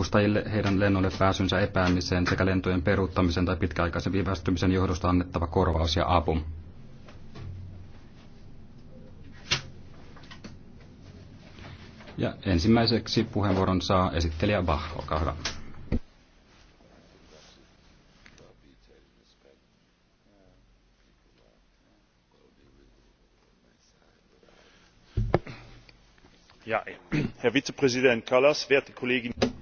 matkustajille heidän lennolle pääsynsä epäämiseen sekä lentojen peruuttamisen tai pitkäaikaisen viivästymisen johdosta annettava korvaus ja apu. Ja ensimmäiseksi puheenvuoron saa esittelijä Bach, olkaa hyvä. herr vizepräsident kallas werte kolleginnen und kollegen!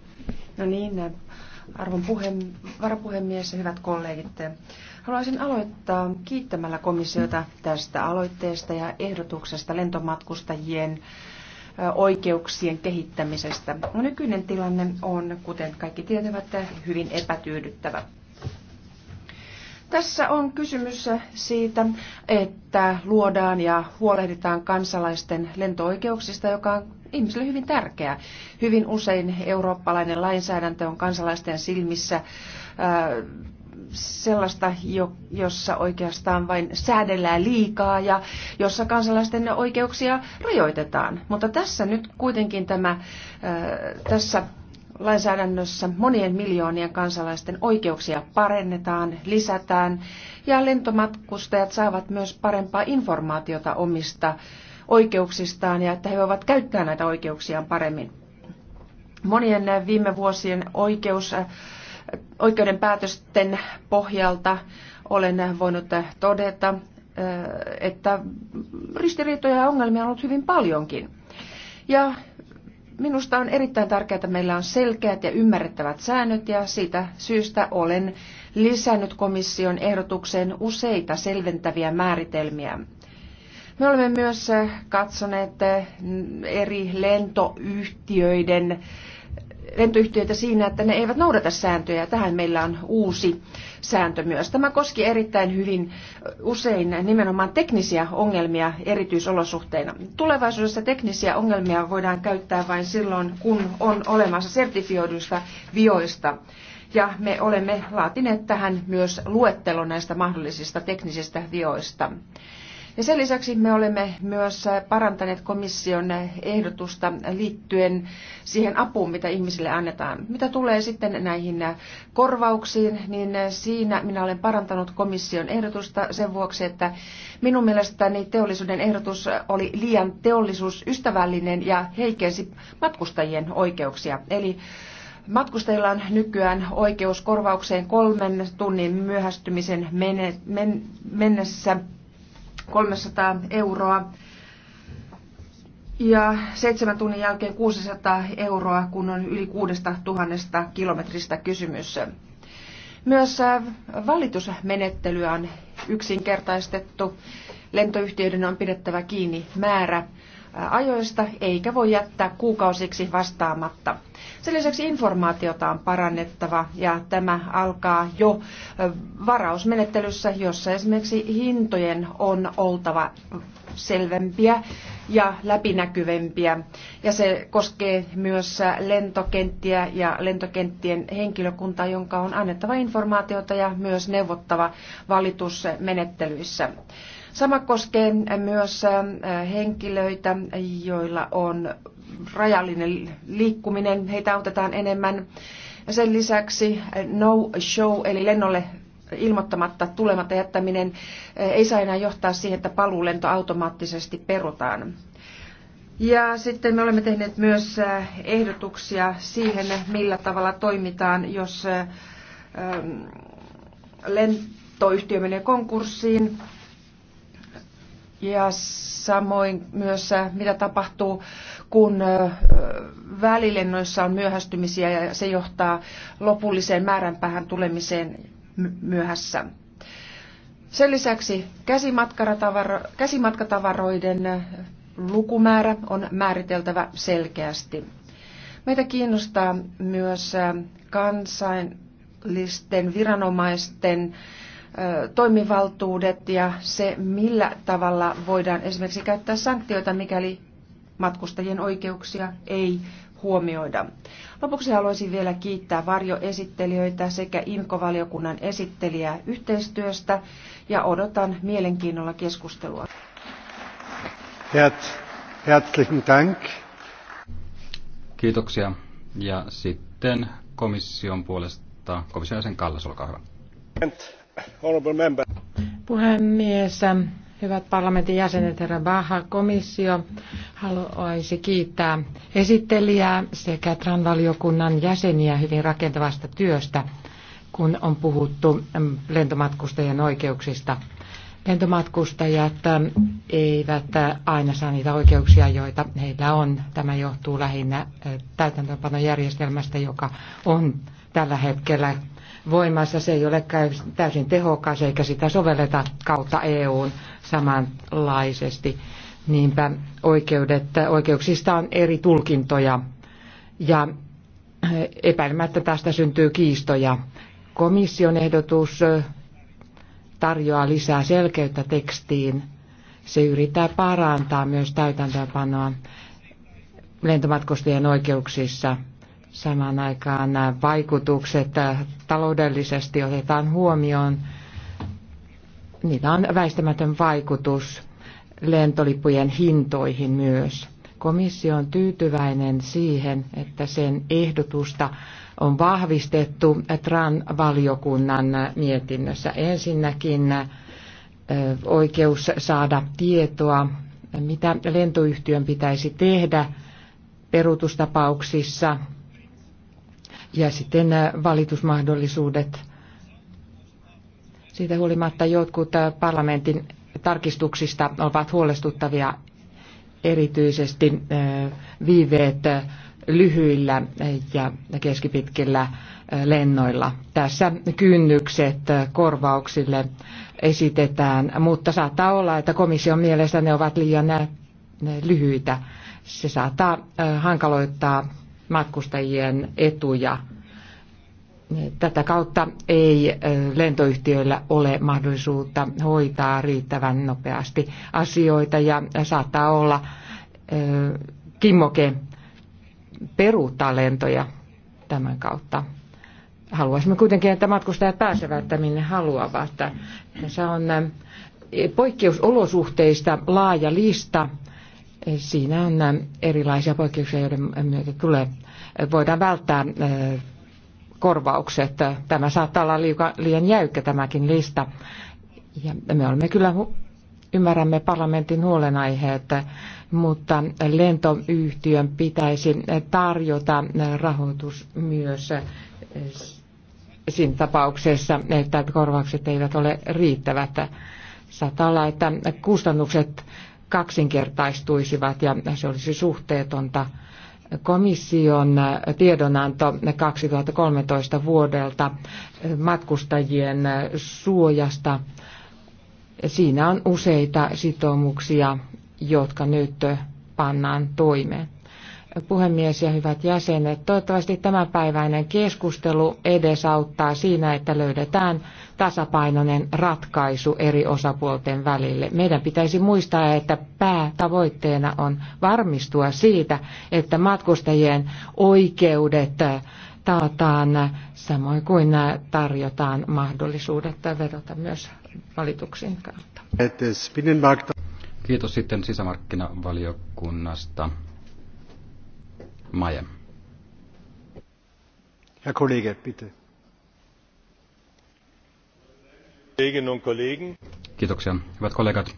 No niin, arvon puhe, varapuhemies ja hyvät kollegit. Haluaisin aloittaa kiittämällä komissiota tästä aloitteesta ja ehdotuksesta lentomatkustajien oikeuksien kehittämisestä. No, nykyinen tilanne on, kuten kaikki tietävät, hyvin epätyydyttävä. Tässä on kysymys siitä, että luodaan ja huolehditaan kansalaisten lentooikeuksista, joka on ihmisille hyvin tärkeää. Hyvin usein eurooppalainen lainsäädäntö on kansalaisten silmissä äh, sellaista, jossa oikeastaan vain säädellään liikaa ja jossa kansalaisten oikeuksia rajoitetaan. Mutta tässä nyt kuitenkin tämä, äh, tässä lainsäädännössä monien miljoonien kansalaisten oikeuksia parennetaan, lisätään ja lentomatkustajat saavat myös parempaa informaatiota omista oikeuksistaan ja että he voivat käyttää näitä oikeuksiaan paremmin. Monien viime vuosien oikeus, äh, oikeuden päätösten pohjalta olen voinut todeta, äh, että ristiriitoja ja ongelmia on ollut hyvin paljonkin. Ja minusta on erittäin tärkeää, että meillä on selkeät ja ymmärrettävät säännöt ja siitä syystä olen lisännyt komission ehdotukseen useita selventäviä määritelmiä. Me olemme myös äh, katsoneet äh, eri lentoyhtiöiden lentoyhtiöitä siinä, että ne eivät noudata sääntöjä. Tähän meillä on uusi sääntö myös. Tämä koski erittäin hyvin äh, usein nimenomaan teknisiä ongelmia erityisolosuhteina. Tulevaisuudessa teknisiä ongelmia voidaan käyttää vain silloin, kun on olemassa sertifioiduista vioista. Ja me olemme laatineet tähän myös luettelon näistä mahdollisista teknisistä vioista. Ja sen lisäksi me olemme myös parantaneet komission ehdotusta liittyen siihen apuun, mitä ihmisille annetaan. Mitä tulee sitten näihin korvauksiin, niin siinä minä olen parantanut komission ehdotusta sen vuoksi, että minun mielestäni teollisuuden ehdotus oli liian teollisuusystävällinen ja heikensi matkustajien oikeuksia. Eli Matkustajilla on nykyään oikeus korvaukseen kolmen tunnin myöhästymisen mennessä 300 euroa ja seitsemän tunnin jälkeen 600 euroa, kun on yli 6000 kilometristä kysymys. Myös äh, valitusmenettelyä on yksinkertaistettu. Lentoyhtiöiden on pidettävä kiinni määrä ajoista, eikä voi jättää kuukausiksi vastaamatta. Sen lisäksi informaatiota on parannettava ja tämä alkaa jo varausmenettelyssä, jossa esimerkiksi hintojen on oltava selvempiä ja läpinäkyvempiä. Ja se koskee myös lentokenttiä ja lentokenttien henkilökuntaa, jonka on annettava informaatiota ja myös neuvottava valitusmenettelyissä. Sama koskee myös henkilöitä, joilla on rajallinen liikkuminen, heitä autetaan enemmän. Sen lisäksi no show eli lennolle ilmoittamatta tulematta jättäminen ei saa enää johtaa siihen, että paluulento automaattisesti perutaan. Ja sitten me olemme tehneet myös ehdotuksia siihen, millä tavalla toimitaan, jos lentoyhtiö menee konkurssiin ja samoin myös äh, mitä tapahtuu, kun äh, välilennoissa on myöhästymisiä ja se johtaa lopulliseen määränpäähän tulemiseen myöhässä. Sen lisäksi käsimatkatavaroiden äh, lukumäärä on määriteltävä selkeästi. Meitä kiinnostaa myös kansainlisten viranomaisten toimivaltuudet ja se, millä tavalla voidaan esimerkiksi käyttää sanktioita, mikäli matkustajien oikeuksia ei huomioida. Lopuksi haluaisin vielä kiittää varjoesittelijöitä sekä IMKO-valiokunnan esittelijää yhteistyöstä ja odotan mielenkiinnolla keskustelua. Herzlichen Dank. Kiitoksia. Ja sitten komission puolesta komission jäsen Kallas, olkaa hyvä. Puhemies, hyvät parlamentin jäsenet, herra Baha, komissio, haluaisi kiittää esittelijää sekä TRAN-valiokunnan jäseniä hyvin rakentavasta työstä, kun on puhuttu lentomatkustajien oikeuksista. Lentomatkustajat eivät aina saa niitä oikeuksia, joita heillä on. Tämä johtuu lähinnä täytäntöönpanojärjestelmästä, joka on tällä hetkellä voimassa, se ei ole täysin tehokas eikä sitä sovelleta kautta EUn samanlaisesti. Niinpä oikeudet, oikeuksista on eri tulkintoja ja epäilemättä tästä syntyy kiistoja. Komission ehdotus tarjoaa lisää selkeyttä tekstiin. Se yrittää parantaa myös täytäntöönpanoa lentomatkustajien oikeuksissa – Samaan aikaan vaikutukset taloudellisesti otetaan huomioon. Niillä on väistämätön vaikutus lentolippujen hintoihin myös. Komissio on tyytyväinen siihen, että sen ehdotusta on vahvistettu TRAN-valiokunnan mietinnössä. Ensinnäkin oikeus saada tietoa, mitä lentoyhtiön pitäisi tehdä perutustapauksissa ja sitten äh, valitusmahdollisuudet. Siitä huolimatta jotkut äh, parlamentin tarkistuksista ovat huolestuttavia erityisesti äh, viiveet lyhyillä ja keskipitkillä lennoilla. Tässä kynnykset korvauksille esitetään, mutta saattaa olla, että komission mielestä ne ovat liian lyhyitä. Se saattaa hankaloittaa matkustajien etuja. Tätä kautta ei lentoyhtiöillä ole mahdollisuutta hoitaa riittävän nopeasti asioita ja saattaa olla kimmoke peruuttaa lentoja tämän kautta. Haluaisimme kuitenkin, että matkustajat pääsevät minne haluavat. Tässä on poikkeusolosuhteista laaja lista Siinä on äh, erilaisia poikkeuksia, joiden myötä tulee, äh, voidaan välttää äh, korvaukset. Tämä saattaa olla liian jäykkä tämäkin lista. Ja me olemme kyllä ymmärrämme parlamentin huolenaiheet, mutta lentoyhtiön pitäisi tarjota rahoitus myös siinä tapauksessa, että korvaukset eivät ole riittävät. Saattaa olla, että kustannukset kaksinkertaistuisivat ja se olisi suhteetonta. Komission tiedonanto 2013 vuodelta matkustajien suojasta. Siinä on useita sitoumuksia, jotka nyt pannaan toimeen puhemies ja hyvät jäsenet. Toivottavasti tämänpäiväinen keskustelu edesauttaa siinä, että löydetään tasapainoinen ratkaisu eri osapuolten välille. Meidän pitäisi muistaa, että päätavoitteena on varmistua siitä, että matkustajien oikeudet taataan samoin kuin tarjotaan mahdollisuudet vedota myös valituksiin kautta. Kiitos sitten sisämarkkinavaliokunnasta. Maja. Herr Kollege, bitte. Kiitoksia. Hyvät kollegat,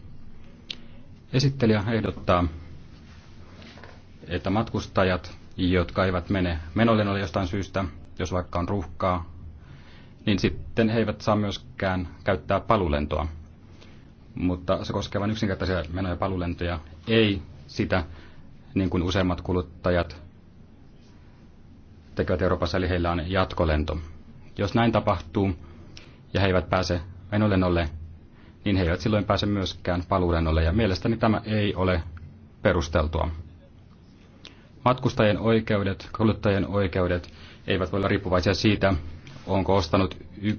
esittelijä ehdottaa, että matkustajat, jotka eivät mene menolennolle jostain syystä, jos vaikka on ruuhkaa, niin sitten he eivät saa myöskään käyttää palulentoa. Mutta se koskee vain yksinkertaisia meno- ja palulentoja, ei sitä, niin kuin useimmat kuluttajat tekevät Euroopassa, eli heillä on jatkolento. Jos näin tapahtuu ja he eivät pääse menolennolle, niin he eivät silloin pääse myöskään paluulennolle, ja mielestäni tämä ei ole perusteltua. Matkustajien oikeudet, kuluttajien oikeudet eivät voi olla riippuvaisia siitä, onko ostanut y-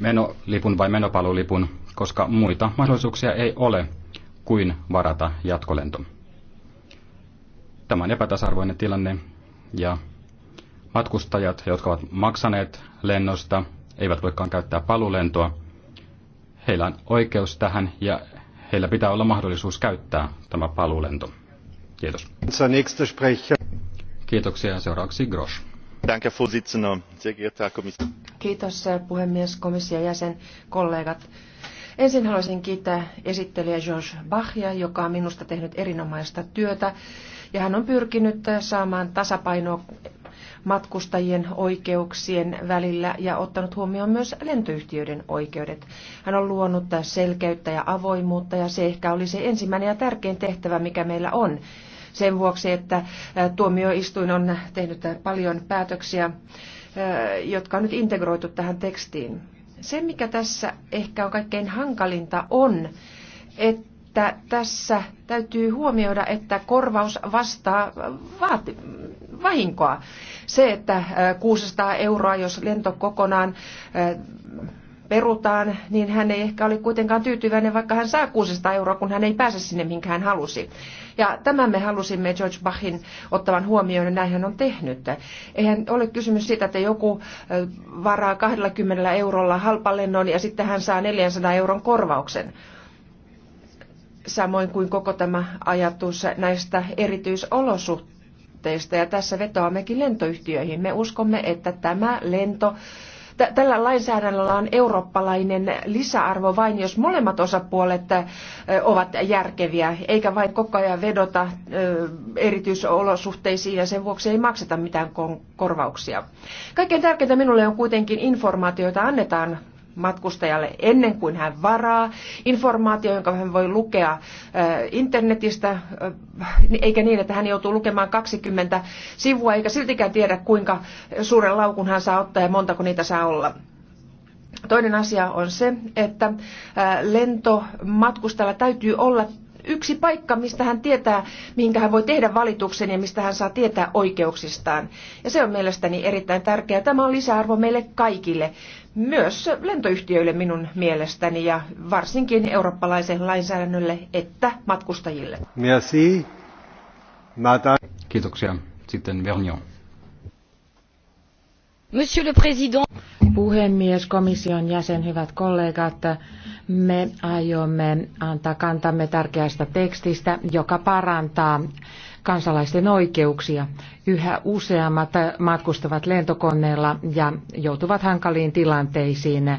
menolipun vai menopalulipun, koska muita mahdollisuuksia ei ole kuin varata jatkolento. Tämä on epätasarvoinen tilanne ja matkustajat, jotka ovat maksaneet lennosta, eivät voikaan käyttää palulentoa, Heillä on oikeus tähän ja heillä pitää olla mahdollisuus käyttää tämä paluulento. Kiitos. Kiitoksia. Seuraavaksi Grosch. Kiitos äh, puhemies, komission jäsen, kollegat. Ensin haluaisin kiittää esittelijä George Bachia, joka on minusta tehnyt erinomaista työtä ja hän on pyrkinyt äh, saamaan tasapainoa matkustajien oikeuksien välillä ja ottanut huomioon myös lentoyhtiöiden oikeudet. Hän on luonut selkeyttä ja avoimuutta ja se ehkä oli se ensimmäinen ja tärkein tehtävä, mikä meillä on. Sen vuoksi, että tuomioistuin on tehnyt paljon päätöksiä, jotka on nyt integroitu tähän tekstiin. Se, mikä tässä ehkä on kaikkein hankalinta, on, että että tässä täytyy huomioida, että korvaus vastaa vaati- vahinkoa. Se, että 600 äh, euroa, jos lento kokonaan äh, perutaan, niin hän ei ehkä ole kuitenkaan tyytyväinen, vaikka hän saa 600 euroa, kun hän ei pääse sinne, minkä hän halusi. Ja tämän me halusimme George Bachin ottavan huomioon, ja näin hän on tehnyt. Eihän ole kysymys siitä, että joku äh, varaa 20 eurolla halpalennon ja sitten hän saa 400 euron korvauksen. Samoin kuin koko tämä ajatus näistä erityisolosuhteista velvoitteista ja tässä vetoammekin lentoyhtiöihin. Me uskomme, että tämä lento Tällä lainsäädännöllä on eurooppalainen lisäarvo vain, jos molemmat osapuolet ovat järkeviä, eikä vain koko ajan vedota erityisolosuhteisiin ja sen vuoksi ei makseta mitään korvauksia. Kaikkein tärkeintä minulle on kuitenkin informaatioita annetaan matkustajalle ennen kuin hän varaa. Informaatio, jonka hän voi lukea internetistä, eikä niin, että hän joutuu lukemaan 20 sivua, eikä siltikään tiedä, kuinka suuren laukun hän saa ottaa ja montako niitä saa olla. Toinen asia on se, että lentomatkustajalla täytyy olla yksi paikka, mistä hän tietää, minkä hän voi tehdä valituksen ja mistä hän saa tietää oikeuksistaan. Ja se on mielestäni erittäin tärkeää. Tämä on lisäarvo meille kaikille myös lentoyhtiöille minun mielestäni ja varsinkin eurooppalaiselle lainsäädännölle että matkustajille. Merci. Kiitoksia. Sitten Vernion. Monsieur le Président. Puhemies, komission jäsen, hyvät kollegat, me aiomme antaa kantamme tärkeästä tekstistä, joka parantaa kansalaisten oikeuksia. Yhä useammat matkustavat lentokoneella ja joutuvat hankaliin tilanteisiin,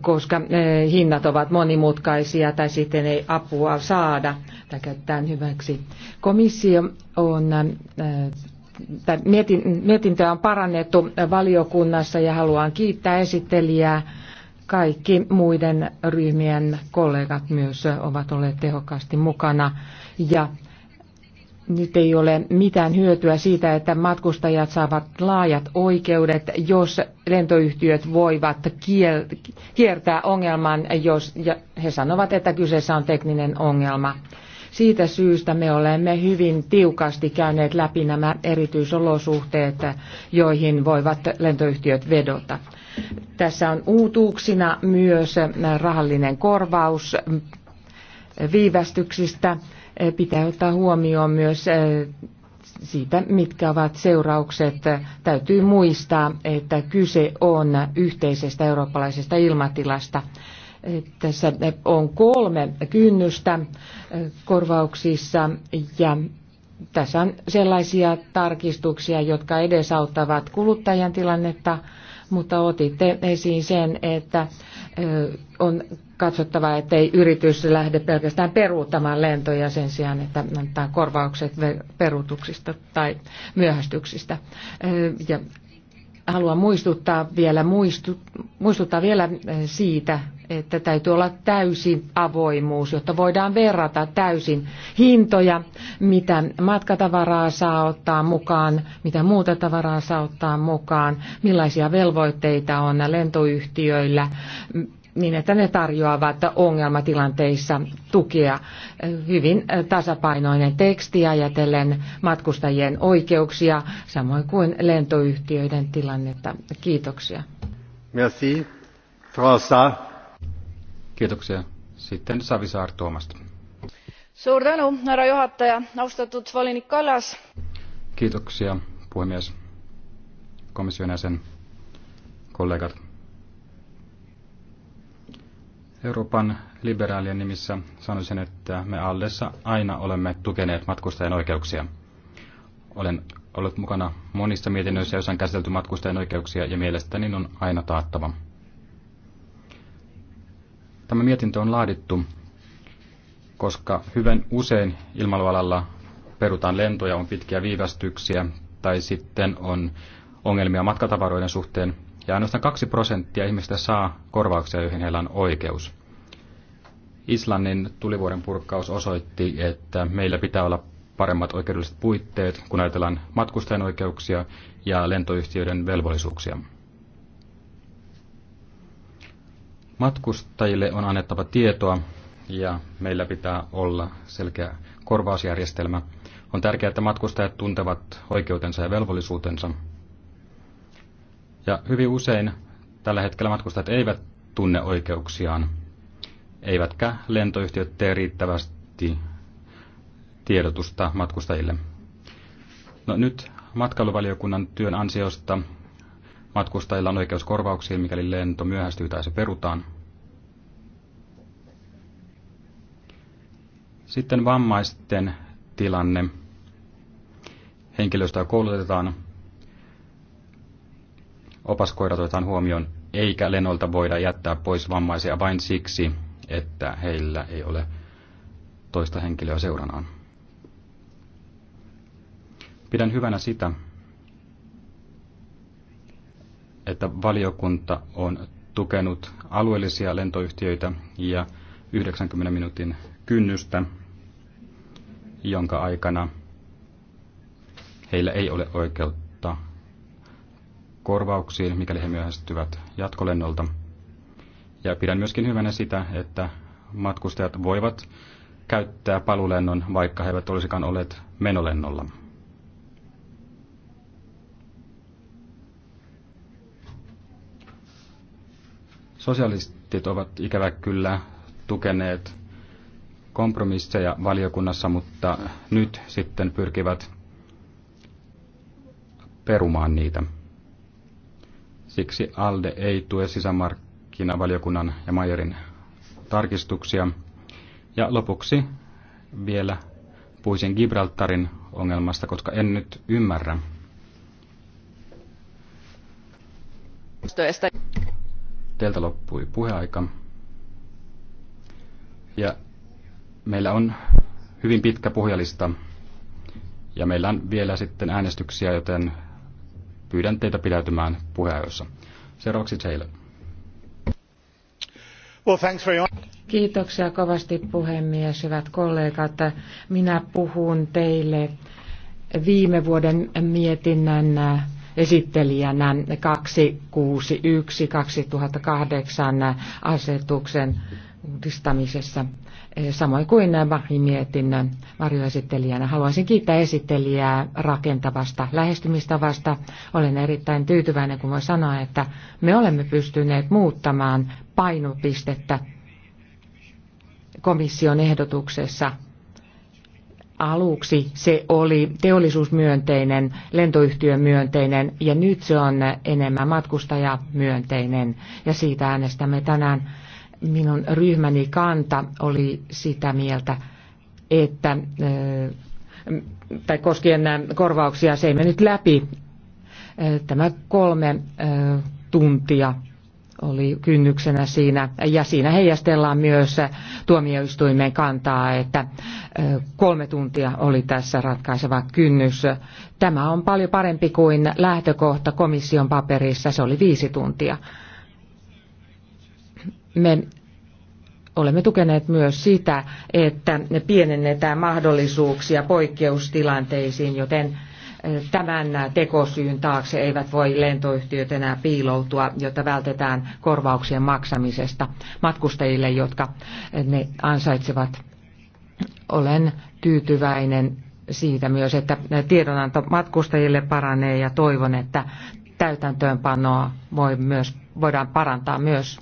koska eh, hinnat ovat monimutkaisia tai sitten ei apua saada tai käyttää hyväksi. Komissio on eh, mietintöä on parannettu valiokunnassa ja haluan kiittää esittelijää. Kaikki muiden ryhmien kollegat myös ovat olleet tehokkaasti mukana ja nyt ei ole mitään hyötyä siitä, että matkustajat saavat laajat oikeudet, jos lentoyhtiöt voivat kiertää ongelman, jos he sanovat, että kyseessä on tekninen ongelma. Siitä syystä me olemme hyvin tiukasti käyneet läpi nämä erityisolosuhteet, joihin voivat lentoyhtiöt vedota. Tässä on uutuuksina myös rahallinen korvaus viivästyksistä Eh, pitää ottaa huomioon myös eh, siitä, mitkä ovat seuraukset. Täytyy muistaa, että kyse on yhteisestä eurooppalaisesta ilmatilasta. Eh, tässä on kolme kynnystä korvauksissa ja tässä on sellaisia tarkistuksia, jotka edesauttavat kuluttajan tilannetta, mutta otitte esiin sen, että on katsottava, ettei yritys lähde pelkästään peruuttamaan lentoja sen sijaan, että antaa korvaukset peruutuksista tai myöhästyksistä. Ja haluan muistuttaa vielä, muistu, muistuttaa vielä siitä, että täytyy olla täysi avoimuus, jotta voidaan verrata täysin hintoja, mitä matkatavaraa saa ottaa mukaan, mitä muuta tavaraa saa ottaa mukaan, millaisia velvoitteita on lentoyhtiöillä, niin, että ne tarjoavat ongelmatilanteissa tukea. Hyvin tasapainoinen teksti ajatellen matkustajien oikeuksia, samoin kuin lentoyhtiöiden tilannetta. Kiitoksia. Merci. Frosa. Kiitoksia. Sitten Savisaar Tuomasta. Suur tänu, herra johtaja. Austatud volinik Kallas. Kiitoksia, puhemies, komission jäsen, kollegat. Euroopan liberaalien nimissä sanoisin, että me Allessa aina olemme tukeneet matkustajien oikeuksia. Olen ollut mukana monissa mietinnöissä, joissa on käsitelty matkustajien oikeuksia ja mielestäni on aina taattava. Tämä mietintö on laadittu, koska hyvin usein ilmailualalla perutaan lentoja, on pitkiä viivästyksiä tai sitten on ongelmia matkatavaroiden suhteen ja ainoastaan 2 prosenttia ihmistä saa korvauksia, joihin heillä on oikeus. Islannin tulivuoren purkaus osoitti, että meillä pitää olla paremmat oikeudelliset puitteet, kun ajatellaan matkustajan oikeuksia ja lentoyhtiöiden velvollisuuksia. Matkustajille on annettava tietoa ja meillä pitää olla selkeä korvausjärjestelmä. On tärkeää, että matkustajat tuntevat oikeutensa ja velvollisuutensa. Ja hyvin usein tällä hetkellä matkustajat eivät tunne oikeuksiaan eivätkä lentoyhtiöt tee riittävästi tiedotusta matkustajille. No, nyt matkailuvaliokunnan työn ansiosta matkustajilla on oikeus korvauksiin, mikäli lento myöhästyy tai se perutaan. Sitten vammaisten tilanne. Henkilöstöä koulutetaan, opaskoirat otetaan huomioon, eikä lennolta voida jättää pois vammaisia vain siksi, että heillä ei ole toista henkilöä seuranaan. Pidän hyvänä sitä, että valiokunta on tukenut alueellisia lentoyhtiöitä ja 90 minuutin kynnystä, jonka aikana heillä ei ole oikeutta korvauksiin, mikäli he myöhästyvät jatkolennolta. Ja pidän myöskin hyvänä sitä, että matkustajat voivat käyttää palulennon, vaikka he eivät olisikaan olleet menolennolla. Sosialistit ovat ikävä kyllä tukeneet kompromisseja valiokunnassa, mutta nyt sitten pyrkivät perumaan niitä. Siksi ALDE ei tue sisämarkkinoita valiokunnan ja majorin tarkistuksia. Ja lopuksi vielä puhuisin Gibraltarin ongelmasta, koska en nyt ymmärrä. Teiltä loppui puheaika. Ja meillä on hyvin pitkä puhujalista. Ja meillä on vielä sitten äänestyksiä, joten pyydän teitä pidäytymään puheajoissa. Seuraavaksi Taylor. Kiitoksia kovasti puhemies, hyvät kollegat. Minä puhun teille viime vuoden mietinnän esittelijänä 261-2008 asetuksen uudistamisessa, samoin kuin Mari-mietinnön varjoesittelijänä. Haluaisin kiittää esittelijää rakentavasta lähestymistavasta. Olen erittäin tyytyväinen, kun voin sanoa, että me olemme pystyneet muuttamaan painopistettä komission ehdotuksessa. Aluksi se oli teollisuusmyönteinen, lentoyhtiömyönteinen ja nyt se on enemmän matkustajamyönteinen ja siitä äänestämme tänään. Minun ryhmäni kanta oli sitä mieltä, että tai koskien korvauksia se ei mennyt läpi. Tämä kolme tuntia oli kynnyksenä siinä, ja siinä heijastellaan myös tuomioistuimen kantaa, että kolme tuntia oli tässä ratkaiseva kynnys. Tämä on paljon parempi kuin lähtökohta komission paperissa, se oli viisi tuntia. Me olemme tukeneet myös sitä, että pienennetään mahdollisuuksia poikkeustilanteisiin, joten tämän tekosyyn taakse eivät voi lentoyhtiöt enää piiloutua, jotta vältetään korvauksien maksamisesta matkustajille, jotka ne ansaitsevat. Olen tyytyväinen siitä myös, että tiedonanto matkustajille paranee ja toivon, että täytäntöönpanoa voi myös, voidaan parantaa myös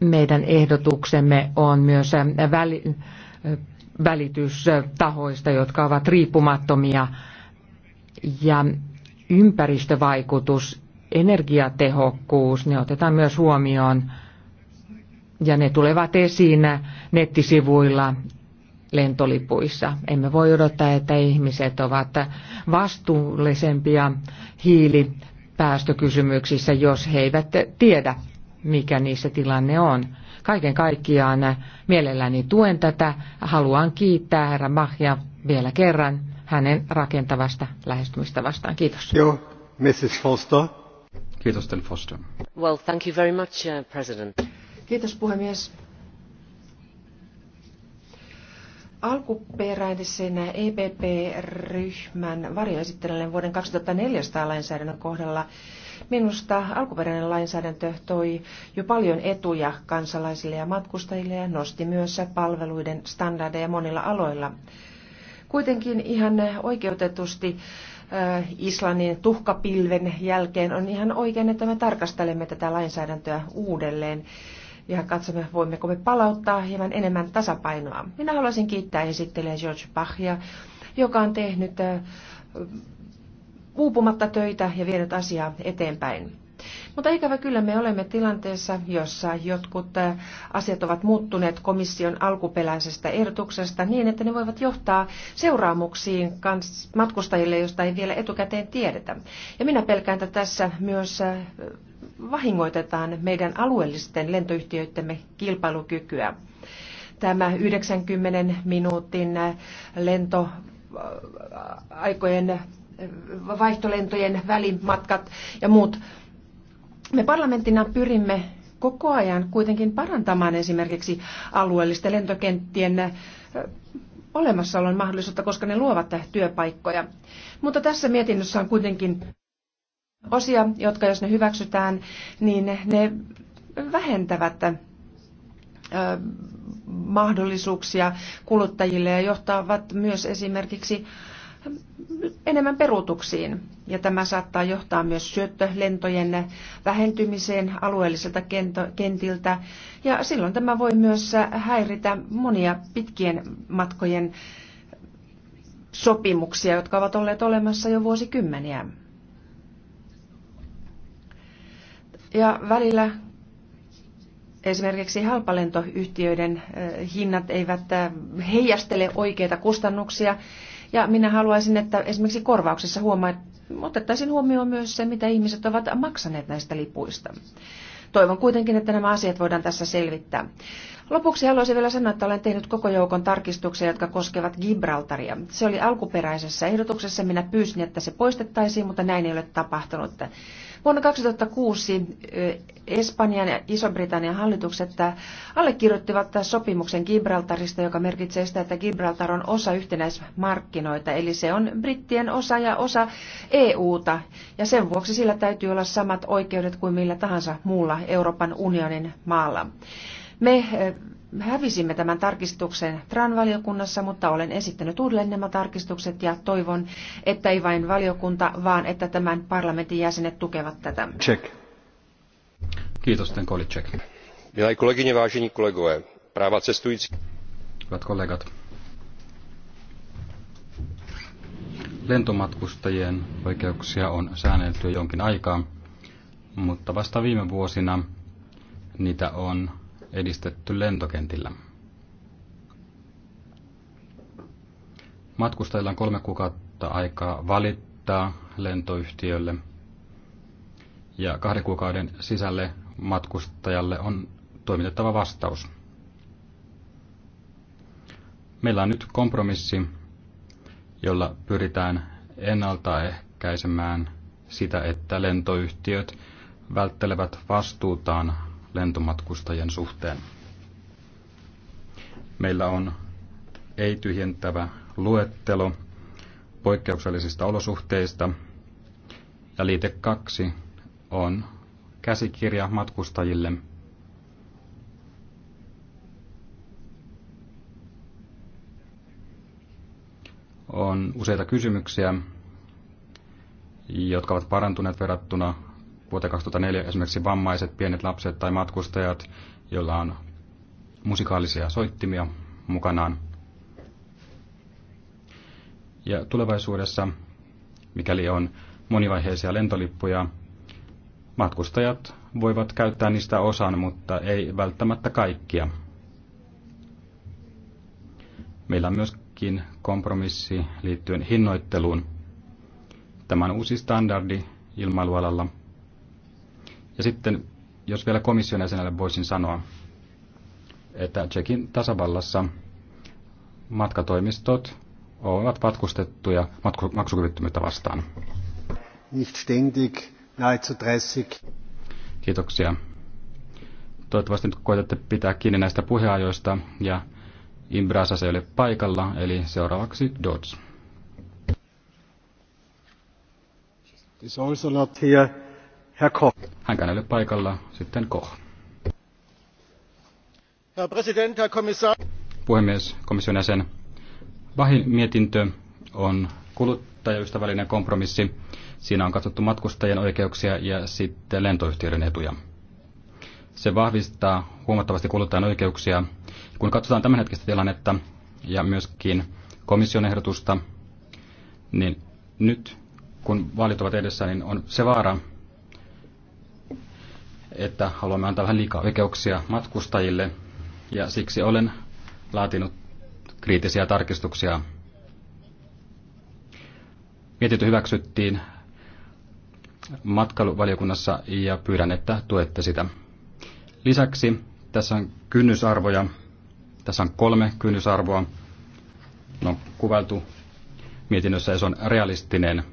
meidän ehdotuksemme on myös väli, välitystahoista, jotka ovat riippumattomia ja ympäristövaikutus, energiatehokkuus, ne otetaan myös huomioon ja ne tulevat esiin nettisivuilla lentolipuissa. Emme voi odottaa, että ihmiset ovat vastuullisempia hiilipäästökysymyksissä, jos he eivät tiedä, mikä niissä tilanne on. Kaiken kaikkiaan mielelläni tuen tätä. Haluan kiittää herra Mahja vielä kerran hänen rakentavasta lähestymistavastaan. Kiitos. Joo, Mrs. Foster. Kiitos, Sten Foster. Well, thank you very much, uh, President. Kiitos, puhemies. alkuperäisen EPP-ryhmän varjoesittelijän vuoden 2014 lainsäädännön kohdalla Minusta alkuperäinen lainsäädäntö toi jo paljon etuja kansalaisille ja matkustajille ja nosti myös palveluiden standardeja monilla aloilla. Kuitenkin ihan oikeutetusti äh, Islannin tuhkapilven jälkeen on ihan oikein, että me tarkastelemme tätä lainsäädäntöä uudelleen ja katsomme, voimmeko me palauttaa hieman enemmän tasapainoa. Minä haluaisin kiittää esittelijä George Bachia, joka on tehnyt äh, uupumatta töitä ja viedät asiaa eteenpäin. Mutta ikävä kyllä me olemme tilanteessa, jossa jotkut äh, asiat ovat muuttuneet komission alkuperäisestä ehdotuksesta niin, että ne voivat johtaa seuraamuksiin matkustajille, joista ei vielä etukäteen tiedetä. Ja minä pelkään, että tässä myös äh, vahingoitetaan meidän alueellisten lentoyhtiöittemme kilpailukykyä. Tämä 90 minuutin äh, lentoaikojen vaihtolentojen välimatkat ja muut. Me parlamenttina pyrimme koko ajan kuitenkin parantamaan esimerkiksi alueellisten lentokenttien olemassaolon mahdollisuutta, koska ne luovat työpaikkoja. Mutta tässä mietinnössä on kuitenkin osia, jotka jos ne hyväksytään, niin ne vähentävät mahdollisuuksia kuluttajille ja johtavat myös esimerkiksi enemmän peruutuksiin. Ja tämä saattaa johtaa myös syöttölentojen vähentymiseen alueelliselta kentiltä. Ja silloin tämä voi myös häiritä monia pitkien matkojen sopimuksia, jotka ovat olleet olemassa jo vuosikymmeniä. Ja välillä esimerkiksi halpalentoyhtiöiden hinnat eivät heijastele oikeita kustannuksia. Ja minä haluaisin, että esimerkiksi korvauksissa huoma- otettaisiin huomioon myös se, mitä ihmiset ovat maksaneet näistä lipuista. Toivon kuitenkin, että nämä asiat voidaan tässä selvittää. Lopuksi haluaisin vielä sanoa, että olen tehnyt koko joukon tarkistuksia, jotka koskevat Gibraltaria. Se oli alkuperäisessä ehdotuksessa. Minä pyysin, että se poistettaisiin, mutta näin ei ole tapahtunut. Vuonna 2006 Espanjan ja Iso-Britannian hallitukset äh, allekirjoittivat sopimuksen Gibraltarista, joka merkitsee sitä, että Gibraltar on osa yhtenäismarkkinoita, eli se on brittien osa ja osa EUta, ja sen vuoksi sillä täytyy olla samat oikeudet kuin millä tahansa muulla Euroopan unionin maalla. Me eh, hävisimme tämän tarkistuksen TRAN-valiokunnassa, mutta olen esittänyt uudelleen nämä tarkistukset ja toivon, että ei vain valiokunta, vaan että tämän parlamentin jäsenet tukevat tätä. Check. Kiitos, Tenkoli Check. Milai kolegyně, vážení kolegové, práva cestující... Hyvät kollegat, lentomatkustajien oikeuksia on säännelty jonkin aikaa, mutta vasta viime vuosina niitä on edistetty lentokentillä. Matkustajilla on kolme kuukautta aikaa valittaa lentoyhtiölle ja kahden kuukauden sisälle matkustajalle on toimitettava vastaus. Meillä on nyt kompromissi, jolla pyritään ennaltaehkäisemään sitä, että lentoyhtiöt välttelevät vastuutaan lentomatkustajien suhteen. Meillä on ei-tyhjentävä luettelo poikkeuksellisista olosuhteista ja liite kaksi on käsikirja matkustajille. On useita kysymyksiä, jotka ovat parantuneet verrattuna vuoteen 2004 esimerkiksi vammaiset, pienet lapset tai matkustajat, joilla on musikaalisia soittimia mukanaan. Ja tulevaisuudessa, mikäli on monivaiheisia lentolippuja, matkustajat voivat käyttää niistä osan, mutta ei välttämättä kaikkia. Meillä on myöskin kompromissi liittyen hinnoitteluun. Tämä on uusi standardi ilmailualalla – ja sitten, jos vielä komission jäsenelle voisin sanoa, että Tsekin tasavallassa matkatoimistot ovat matkustettuja maksukyvyttömyyttä vastaan. Nicht ständig, nahezu 30. Kiitoksia. Toivottavasti nyt koetatte pitää kiinni näistä puheajoista ja Imbrasas ei ole paikalla, eli seuraavaksi Dodge. Is also not here. Herr Koch. Hän ei paikalla. Sitten Koch. Herr Präsident, Herr Kommissar. Puhemies, komission jäsen. Vahin mietintö on kuluttajaystävällinen kompromissi. Siinä on katsottu matkustajien oikeuksia ja sitten lentoyhtiöiden etuja. Se vahvistaa huomattavasti kuluttajan oikeuksia. Kun katsotaan tämänhetkistä tilannetta ja myöskin komission ehdotusta, niin nyt kun vaalit ovat edessä, niin on se vaara, että haluamme antaa vähän liikaa oikeuksia matkustajille, ja siksi olen laatinut kriittisiä tarkistuksia. Mietintö hyväksyttiin matkailuvaliokunnassa ja pyydän, että tuette sitä. Lisäksi tässä on kynnysarvoja. Tässä on kolme kynnysarvoa. Ne on kuvailtu mietinnössä ja se on realistinen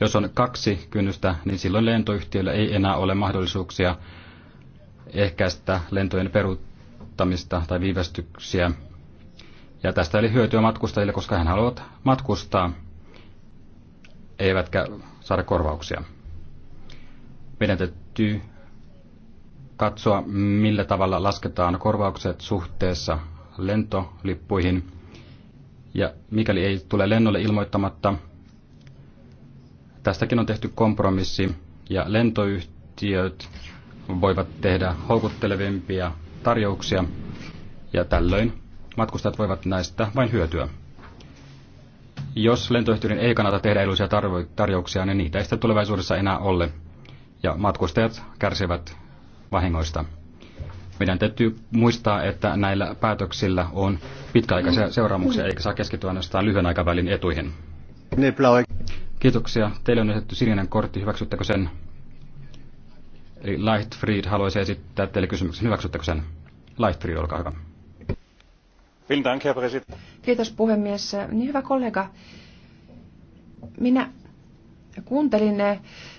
jos on kaksi kynnystä, niin silloin lentoyhtiöllä ei enää ole mahdollisuuksia ehkäistä lentojen peruuttamista tai viivästyksiä. Ja tästä oli hyötyä matkustajille, koska he haluavat matkustaa, eivätkä saada korvauksia. Meidän täytyy katsoa, millä tavalla lasketaan korvaukset suhteessa lentolippuihin. Ja mikäli ei tule lennolle ilmoittamatta, Tästäkin on tehty kompromissi ja lentoyhtiöt voivat tehdä houkuttelevimpia tarjouksia ja tällöin matkustajat voivat näistä vain hyötyä. Jos lentoyhtiöiden ei kannata tehdä edullisia tarjouksia, niin niitä ei sitä tulevaisuudessa enää ole ja matkustajat kärsivät vahingoista. Meidän täytyy muistaa, että näillä päätöksillä on pitkäaikaisia seuraamuksia, eikä saa keskittyä ainoastaan lyhyen aikavälin etuihin. Kiitoksia. Teille on esitetty sininen kortti. Hyväksyttekö sen? Eli Lightfried haluaisi esittää teille kysymyksen. Hyväksyttekö sen? Lightfried, olkaa hyvä. Kiitos puhemies. Niin hyvä kollega, minä kuuntelin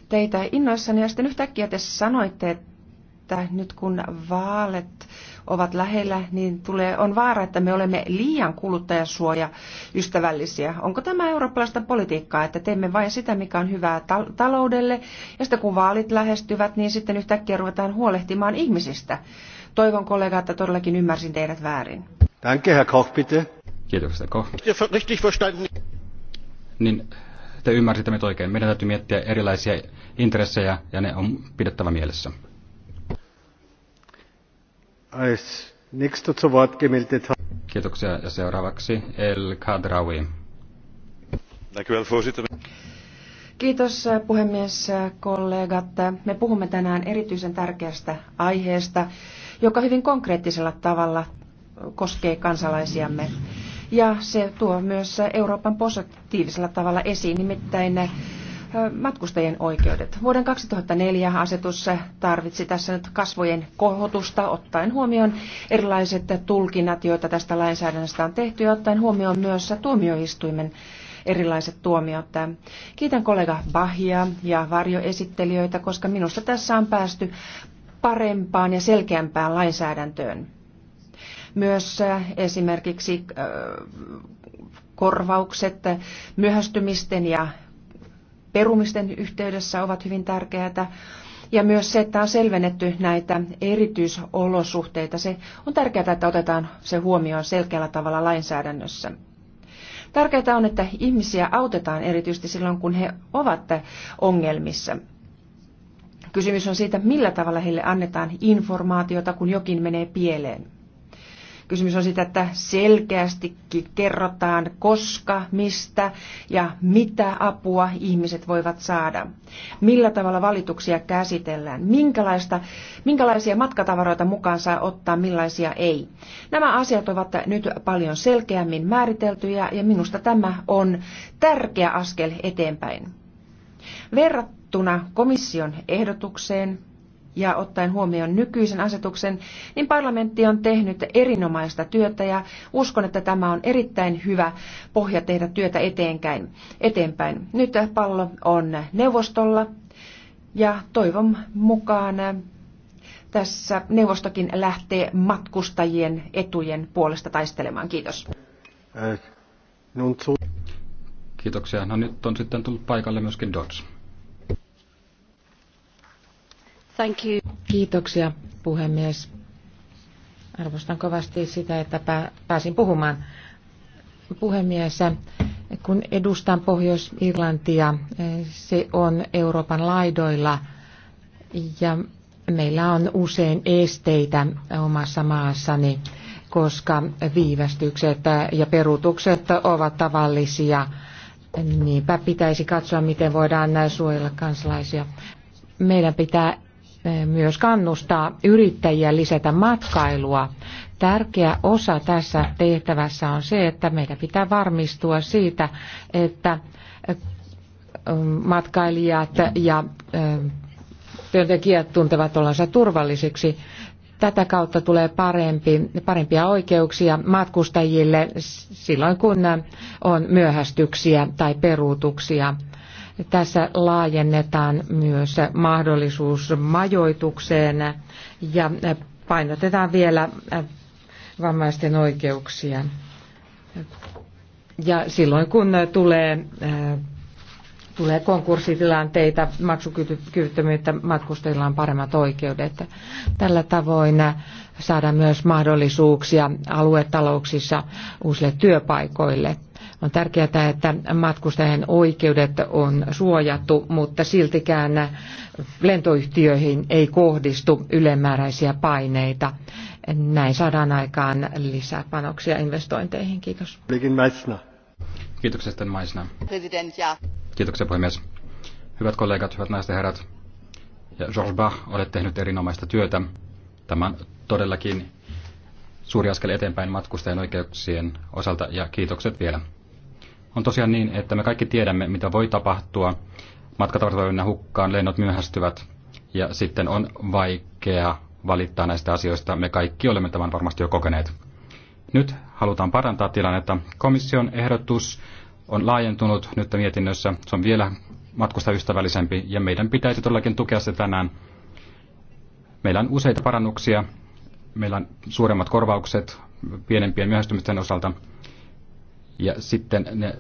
teitä innoissani ja sitten yhtäkkiä te sanoitte, että nyt kun vaalit ovat lähellä, niin tulee, on vaara, että me olemme liian kuluttajasuoja ystävällisiä. Onko tämä eurooppalaista politiikkaa, että teemme vain sitä, mikä on hyvää taloudelle, ja sitten kun vaalit lähestyvät, niin sitten yhtäkkiä ruvetaan huolehtimaan ihmisistä? Toivon kollega, että todellakin ymmärsin teidät väärin. Danke, Herr Koch, bitte. Kiitos, Herr Koch. Richtig verstanden. Niin, te ymmärsitte meitä oikein. Meidän täytyy miettiä erilaisia intressejä ja ne on pidettävä mielessä. Kiitoksia. Ja seuraavaksi El Kiitos eh, puhemies, eh, kollegat. Me puhumme tänään erityisen tärkeästä aiheesta, joka hyvin konkreettisella tavalla koskee kansalaisiamme. Ja se tuo myös Euroopan positiivisella tavalla esiin, nimittäin eh, matkustajien oikeudet. Vuoden 2004 asetus tarvitsi tässä nyt kasvojen kohotusta ottaen huomioon erilaiset tulkinnat, joita tästä lainsäädännöstä on tehty ja ottaen huomioon myös tuomioistuimen erilaiset tuomiot. Kiitän kollega Bahia ja varjoesittelijöitä, koska minusta tässä on päästy parempaan ja selkeämpään lainsäädäntöön. Myös esimerkiksi korvaukset myöhästymisten ja perumisten yhteydessä ovat hyvin tärkeätä. Ja myös se, että on selvennetty näitä erityisolosuhteita, se on tärkeää, että otetaan se huomioon selkeällä tavalla lainsäädännössä. Tärkeää on, että ihmisiä autetaan erityisesti silloin, kun he ovat ongelmissa. Kysymys on siitä, millä tavalla heille annetaan informaatiota, kun jokin menee pieleen. Kysymys on sitä, että selkeästikin kerrotaan koska, mistä ja mitä apua ihmiset voivat saada. Millä tavalla valituksia käsitellään, minkälaista, minkälaisia matkatavaroita mukaan saa ottaa, millaisia ei. Nämä asiat ovat nyt paljon selkeämmin määriteltyjä ja minusta tämä on tärkeä askel eteenpäin. Verrattuna komission ehdotukseen ja ottaen huomioon nykyisen asetuksen, niin parlamentti on tehnyt erinomaista työtä ja uskon, että tämä on erittäin hyvä pohja tehdä työtä eteenpäin. eteenpäin. Nyt pallo on neuvostolla ja toivon mukaan tässä neuvostokin lähtee matkustajien etujen puolesta taistelemaan. Kiitos. Äh, Kiitoksia. No nyt on sitten tullut paikalle myöskin Dodge. Thank you. Kiitoksia puhemies. Arvostan kovasti sitä, että pääsin puhumaan. Puhemies, kun edustan Pohjois-Irlantia, se on Euroopan laidoilla ja meillä on usein esteitä omassa maassani, koska viivästykset ja peruutukset ovat tavallisia. Niinpä pitäisi katsoa, miten voidaan suojella kansalaisia. Meidän pitää myös kannustaa yrittäjiä lisätä matkailua. Tärkeä osa tässä tehtävässä on se, että meidän pitää varmistua siitä, että matkailijat ja työntekijät tuntevat olonsa turvallisiksi. Tätä kautta tulee parempi, parempia oikeuksia matkustajille silloin, kun on myöhästyksiä tai peruutuksia tässä laajennetaan myös mahdollisuus majoitukseen ja painotetaan vielä vammaisten oikeuksia. Ja silloin kun tulee, tulee konkurssitilanteita, maksukyvyttömyyttä, matkustajilla on paremmat oikeudet. Tällä tavoin saada myös mahdollisuuksia aluetalouksissa uusille työpaikoille. On tärkeää, että matkustajien oikeudet on suojattu, mutta siltikään lentoyhtiöihin ei kohdistu ylimääräisiä paineita. Näin saadaan aikaan lisää panoksia investointeihin. Kiitos. Kiitoksia Maisna. Kiitoksia puhemies. Hyvät kollegat, hyvät naiset ja herrat. Ja Georges Bach, olet tehnyt erinomaista työtä. Tämä on todellakin suuri askel eteenpäin matkustajien oikeuksien osalta ja kiitokset vielä. On tosiaan niin, että me kaikki tiedämme, mitä voi tapahtua. mennä hukkaan, lennot myöhästyvät ja sitten on vaikea valittaa näistä asioista. Me kaikki olemme tämän varmasti jo kokeneet. Nyt halutaan parantaa tilannetta. Komission ehdotus on laajentunut nyt mietinnössä. Se on vielä ystävällisempi ja meidän pitäisi todellakin tukea se tänään. Meillä on useita parannuksia. Meillä on suuremmat korvaukset pienempien myöhästymisten osalta. Ja sitten ne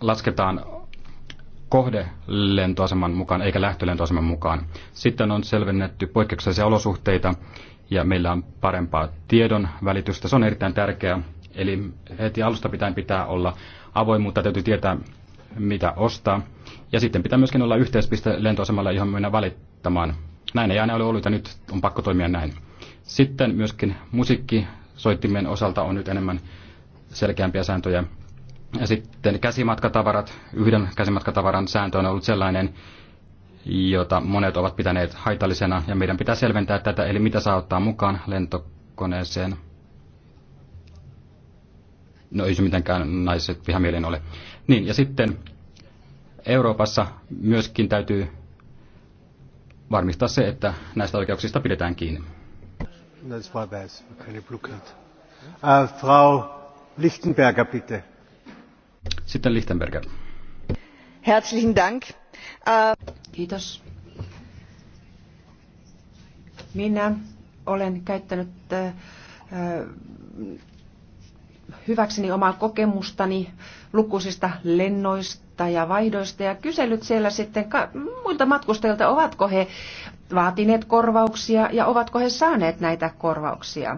lasketaan kohdelentoaseman mukaan eikä lähtölentoaseman mukaan. Sitten on selvennetty poikkeuksellisia olosuhteita ja meillä on parempaa tiedon välitystä. Se on erittäin tärkeää. Eli heti alusta pitäen pitää olla avoimuutta, täytyy tietää mitä ostaa. Ja sitten pitää myöskin olla yhteispiste lentoasemalla, johon mennään valittamaan. Näin ei aina ole ollut ja nyt on pakko toimia näin. Sitten myöskin musiikkisoittimen osalta on nyt enemmän selkeämpiä sääntöjä. Ja Sitten käsimatkatavarat. Yhden käsimatkatavaran sääntö on ollut sellainen, jota monet ovat pitäneet haitallisena, ja meidän pitää selventää tätä, eli mitä saa ottaa mukaan lentokoneeseen. No ei se mitenkään naiset vihamielinen ole. Niin, ja sitten Euroopassa myöskin täytyy varmistaa se, että näistä oikeuksista pidetään kiinni. Das keine uh, Frau Lichtenberger, bitte. Sitten Lichtenberger. Herzlichen Dank. Kiitos. Minä olen käyttänyt hyväkseni omaa kokemustani lukuisista lennoista ja vaihdoista ja kysellyt siellä sitten muilta matkustajilta, ovatko he vaatineet korvauksia ja ovatko he saaneet näitä korvauksia.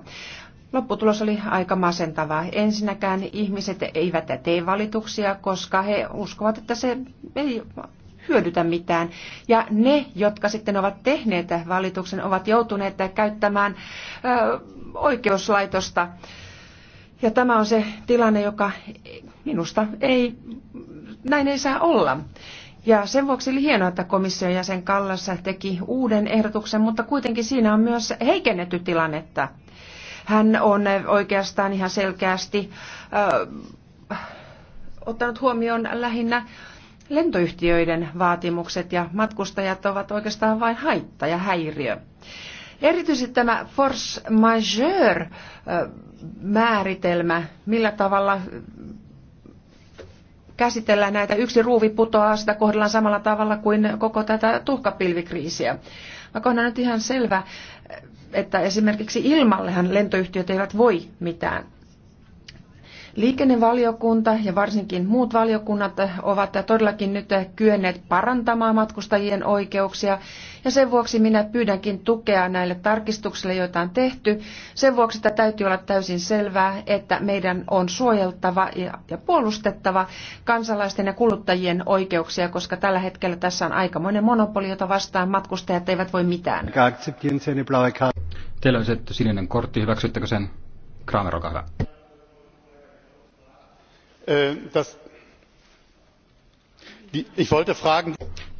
Lopputulos oli aika masentava. Ensinnäkään ihmiset eivät tee valituksia, koska he uskovat, että se ei hyödytä mitään. Ja ne, jotka sitten ovat tehneet valituksen, ovat joutuneet käyttämään ö, oikeuslaitosta. Ja tämä on se tilanne, joka minusta ei, näin ei saa olla. Ja sen vuoksi oli hienoa, että komission jäsen Kallassa teki uuden ehdotuksen, mutta kuitenkin siinä on myös heikennetty tilannetta. Hän on oikeastaan ihan selkeästi ottanut huomioon lähinnä lentoyhtiöiden vaatimukset ja matkustajat ovat oikeastaan vain haitta ja häiriö. Erityisesti tämä force majeure määritelmä, millä tavalla käsitellään näitä. Yksi ruuvi putoaa, sitä kohdellaan samalla tavalla kuin koko tätä tuhkapilvikriisiä. Vaikka on nyt ihan selvä, että esimerkiksi ilmallehan lentoyhtiöt eivät voi mitään. Liikennevaliokunta ja varsinkin muut valiokunnat ovat todellakin nyt kyenneet parantamaan matkustajien oikeuksia ja sen vuoksi minä pyydänkin tukea näille tarkistuksille, joita on tehty. Sen vuoksi että täytyy olla täysin selvää, että meidän on suojeltava ja puolustettava kansalaisten ja kuluttajien oikeuksia, koska tällä hetkellä tässä on aikamoinen monopoli, jota vastaan matkustajat eivät voi mitään. Teillä on se sininen kortti, hyväksyttekö sen? Kramer, olkaa hyvä.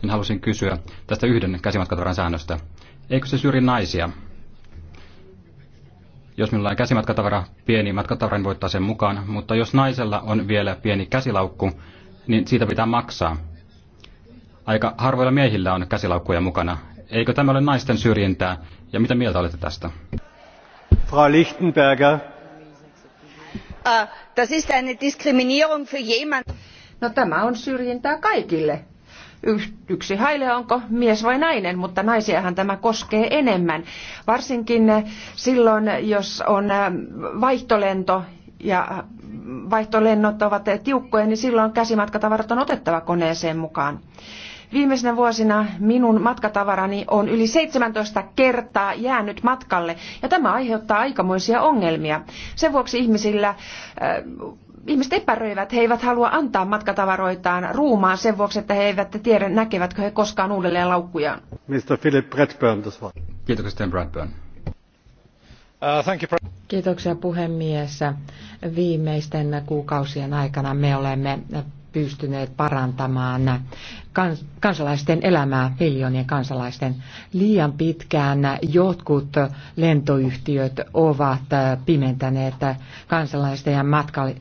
Niin halusin kysyä tästä yhden käsimatkatavaran säännöstä. Eikö se syrji naisia? Jos minulla on käsimatkatavara, pieni matkatavara, niin voi ottaa sen mukaan, mutta jos naisella on vielä pieni käsilaukku, niin siitä pitää maksaa. Aika harvoilla miehillä on käsilaukkuja mukana. Eikö tämä ole naisten syrjintää, ja mitä mieltä olette tästä? Frau Lichtenberger. Uh, Das ist eine Diskriminierung für jemanden. No tämä on syrjintää kaikille. Yksi haile onko mies vai nainen, mutta naisiahan tämä koskee enemmän. Varsinkin eh, silloin, jos on eh, vaihtolento ja eh, vaihtolennot ovat tiukkoja, niin silloin käsimatkatavarat on otettava koneeseen mukaan. Viimeisenä vuosina minun matkatavarani on yli 17 kertaa jäänyt matkalle ja tämä aiheuttaa aikamoisia ongelmia. Sen vuoksi ihmisillä äh, ihmiset epäröivät, he eivät halua antaa matkatavaroitaan ruumaan sen vuoksi, että he eivät tiedä näkevätkö he koskaan uudelleen laukkujaan. Mr. Philip Bradburn, das Kiitoksia, Bradburn. Uh, thank you. Kiitoksia puhemies. Viimeisten kuukausien aikana me olemme pystyneet parantamaan kansalaisten elämää, miljoonien kansalaisten. Liian pitkään jotkut lentoyhtiöt ovat pimentäneet kansalaisten ja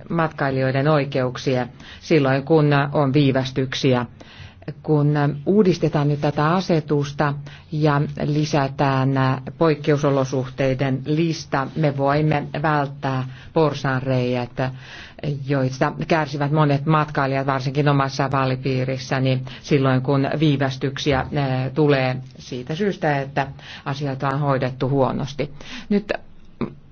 matkailijoiden oikeuksia silloin, kun on viivästyksiä kun uudistetaan nyt tätä asetusta ja lisätään poikkeusolosuhteiden lista, me voimme välttää porsanreijät joista kärsivät monet matkailijat, varsinkin omassa vaalipiirissäni, niin silloin kun viivästyksiä tulee siitä syystä, että asioita on hoidettu huonosti. Nyt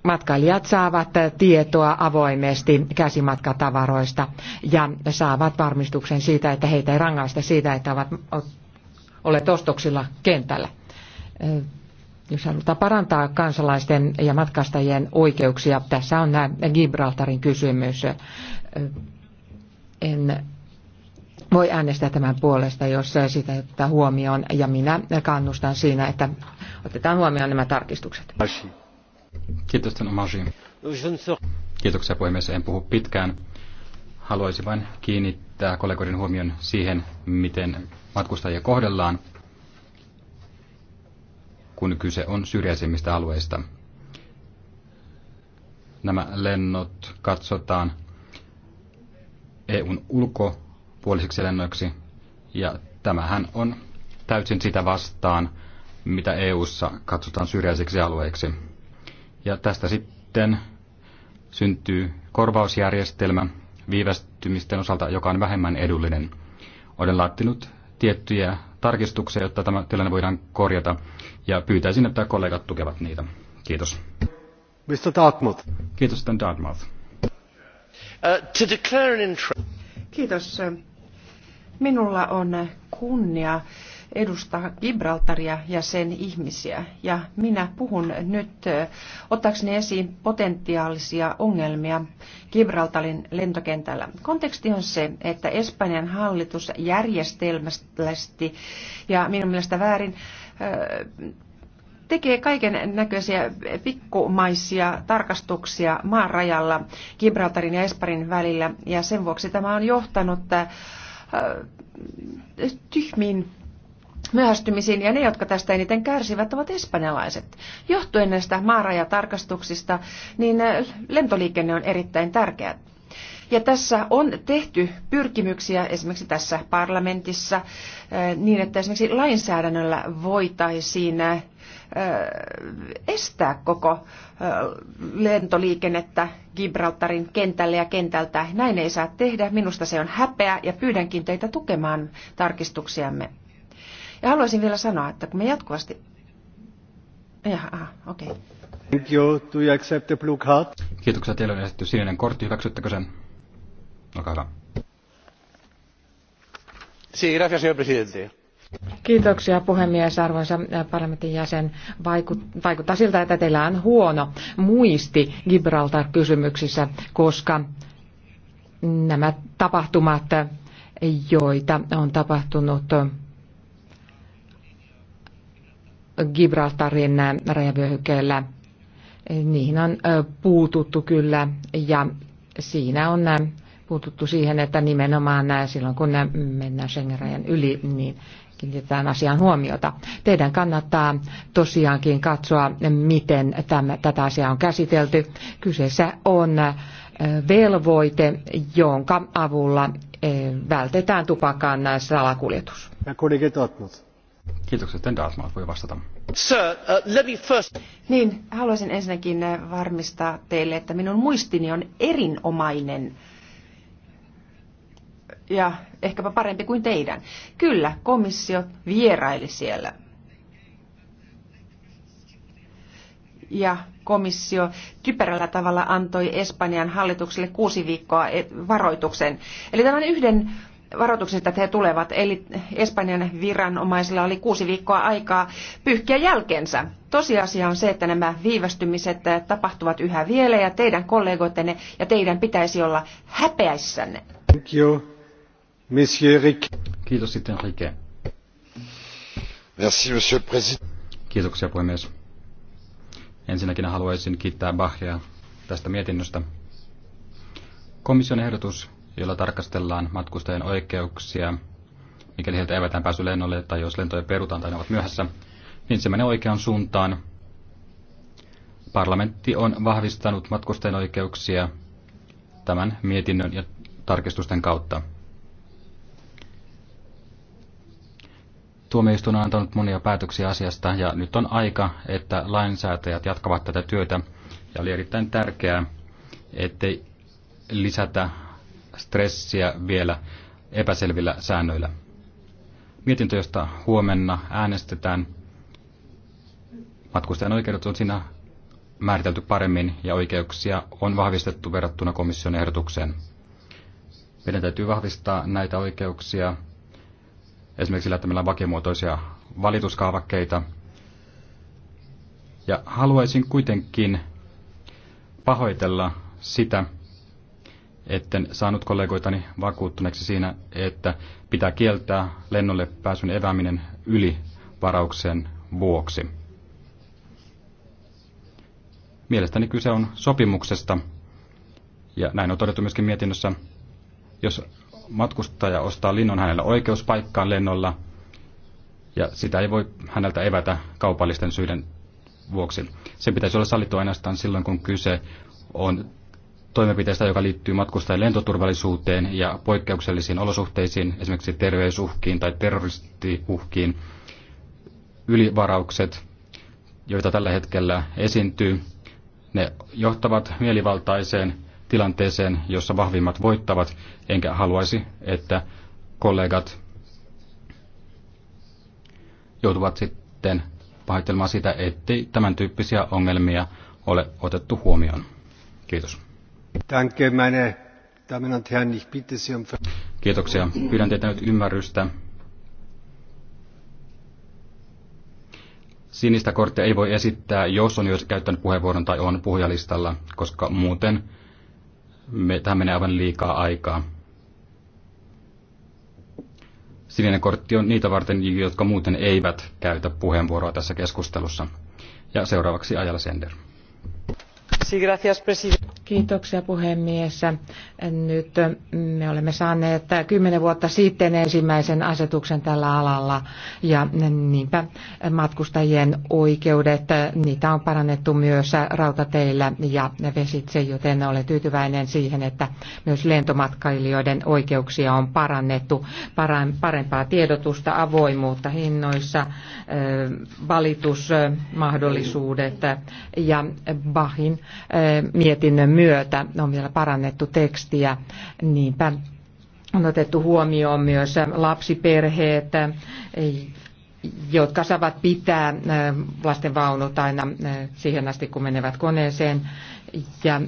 matkailijat saavat tietoa avoimesti käsimatkatavaroista ja saavat varmistuksen siitä, että heitä ei rangaista siitä, että ovat olleet ostoksilla kentällä jos halutaan parantaa kansalaisten ja matkastajien oikeuksia, tässä on nämä Gibraltarin kysymys. En voi äänestää tämän puolesta, jos sitä ottaa huomioon, ja minä kannustan siinä, että otetaan huomioon nämä tarkistukset. Kiitos, Masi. Kiitoksia puhemies, en puhu pitkään. Haluaisin vain kiinnittää kollegoiden huomion siihen, miten matkustajia kohdellaan kun kyse on syrjäisimmistä alueista. Nämä lennot katsotaan EUn ulkopuolisiksi lennoiksi, ja tämähän on täysin sitä vastaan, mitä EUssa katsotaan syrjäisiksi alueiksi. Ja tästä sitten syntyy korvausjärjestelmä viivästymisten osalta, joka on vähemmän edullinen. Olen laattinut tiettyjä tarkistuksia, jotta tämä tilanne voidaan korjata, ja pyytäisin, että kollegat tukevat niitä. Kiitos. Mr. Dartmouth. Kiitos Mr. Dartmouth. Uh, to Kiitos. Minulla on kunnia edustaa Gibraltaria ja sen ihmisiä. Ja minä puhun nyt ottaakseni esiin potentiaalisia ongelmia Gibraltarin lentokentällä. Konteksti on se, että Espanjan hallitus järjestelmästi ja minun mielestä väärin tekee kaiken näköisiä pikkumaisia tarkastuksia maan rajalla Gibraltarin ja Esparin välillä ja sen vuoksi tämä on johtanut tyhmiin myöhästymisiin ja ne, jotka tästä eniten kärsivät, ovat espanjalaiset. Johtuen näistä maarajatarkastuksista, niin lentoliikenne on erittäin tärkeää. Ja tässä on tehty pyrkimyksiä esimerkiksi tässä parlamentissa eh, niin, että esimerkiksi lainsäädännöllä voitaisiin eh, estää koko eh, lentoliikennettä Gibraltarin kentälle ja kentältä. Näin ei saa tehdä. Minusta se on häpeä ja pyydänkin teitä tukemaan tarkistuksiamme. Ja haluaisin vielä sanoa, että kun me jatkuvasti... Jaha, okei. Okay. Kiitoksia. teille on esitetty sininen kortti. Hyväksyttekö sen? Olkaa Kiitoksia puhemies, arvoisa parlamentin jäsen. Vaikuttaa siltä, että teillä on huono muisti Gibraltar-kysymyksissä, koska nämä tapahtumat, joita on tapahtunut Gibraltarin rajavyöhykkeellä, niihin on puututtu kyllä ja siinä on puututtu siihen, että nimenomaan silloin kun mennään Schengen-rajan yli, niin kiinnitetään asiaan huomiota. Teidän kannattaa tosiaankin katsoa, miten tämä, tätä asiaa on käsitelty. Kyseessä on velvoite, jonka avulla vältetään tupakan salakuljetus. Kiitokset, Ten Dartmouth voi vastata. Sir, uh, let me first... Niin, haluaisin ensinnäkin äh, varmistaa teille, että minun muistini on erinomainen ja ehkäpä parempi kuin teidän. Kyllä, komissio vieraili siellä. Ja komissio typerällä tavalla antoi Espanjan hallitukselle kuusi viikkoa e, varoituksen. Eli tämän yhden varoituksen, että he tulevat. Eli Espanjan viranomaisilla oli kuusi viikkoa aikaa pyyhkiä jälkensä. Tosiasia on se, että nämä viivästymiset eh, tapahtuvat yhä vielä ja teidän kollegoitenne ja teidän pitäisi olla häpeissänne. Thank you. Monsieur Rick. Kiitos sitten Rike. Merci, monsieur le président. Kiitoksia puhemies. Ensinnäkin haluaisin kiittää Bahia tästä mietinnöstä. Komission ehdotus, jolla tarkastellaan matkustajien oikeuksia, mikäli heiltä evätään pääsy lennolle tai jos lentoja perutaan tai ne ovat myöhässä, niin se menee oikeaan suuntaan. Parlamentti on vahvistanut matkustajien oikeuksia tämän mietinnön ja tarkistusten kautta. Tuomioistuin on antanut monia päätöksiä asiasta ja nyt on aika, että lainsäätäjät jatkavat tätä työtä. Ja oli erittäin tärkeää, ettei lisätä stressiä vielä epäselvillä säännöillä. Mietintö, josta huomenna äänestetään, matkustajan oikeudet on siinä määritelty paremmin ja oikeuksia on vahvistettu verrattuna komission ehdotukseen. Meidän täytyy vahvistaa näitä oikeuksia esimerkiksi sillä, että meillä on vakimuotoisia valituskaavakkeita. Ja haluaisin kuitenkin pahoitella sitä, etten saanut kollegoitani vakuuttuneeksi siinä, että pitää kieltää lennolle pääsyn evääminen yli varauksen vuoksi. Mielestäni kyse on sopimuksesta, ja näin on todettu myöskin mietinnössä, jos matkustaja ostaa linnun hänellä oikeuspaikkaan lennolla, ja sitä ei voi häneltä evätä kaupallisten syiden vuoksi. Se pitäisi olla sallittu ainoastaan silloin, kun kyse on toimenpiteestä, joka liittyy matkustajan lentoturvallisuuteen ja poikkeuksellisiin olosuhteisiin, esimerkiksi terveysuhkiin tai terroristiuhkiin, ylivaraukset, joita tällä hetkellä esiintyy, ne johtavat mielivaltaiseen tilanteeseen, jossa vahvimmat voittavat, enkä haluaisi, että kollegat joutuvat sitten pahoittelemaan sitä, ettei tämän tyyppisiä ongelmia ole otettu huomioon. Kiitos. Danke, meine Damen und Herren, ich bitte Sie um... Kiitoksia. Pyydän teitä nyt ymmärrystä. Sinistä korttia ei voi esittää, jos on jo käyttänyt puheenvuoron tai on puhujalistalla, koska muuten me, tähän menee aivan liikaa aikaa. Sininen kortti on niitä varten, jotka muuten eivät käytä puheenvuoroa tässä keskustelussa. Ja seuraavaksi Ajala Sender. Kiitoksia puhemies. Nyt me olemme saaneet kymmenen vuotta sitten ensimmäisen asetuksen tällä alalla ja niinpä matkustajien oikeudet, niitä on parannettu myös rautateillä ja vesitse, joten olen tyytyväinen siihen, että myös lentomatkailijoiden oikeuksia on parannettu, parempaa tiedotusta, avoimuutta hinnoissa, valitusmahdollisuudet ja Bahin mietinnön myötä on vielä parannettu tekstiä. Niinpä on otettu huomioon myös lapsiperheet, jotka saavat pitää lasten vaunut aina siihen asti, kun menevät koneeseen. Ja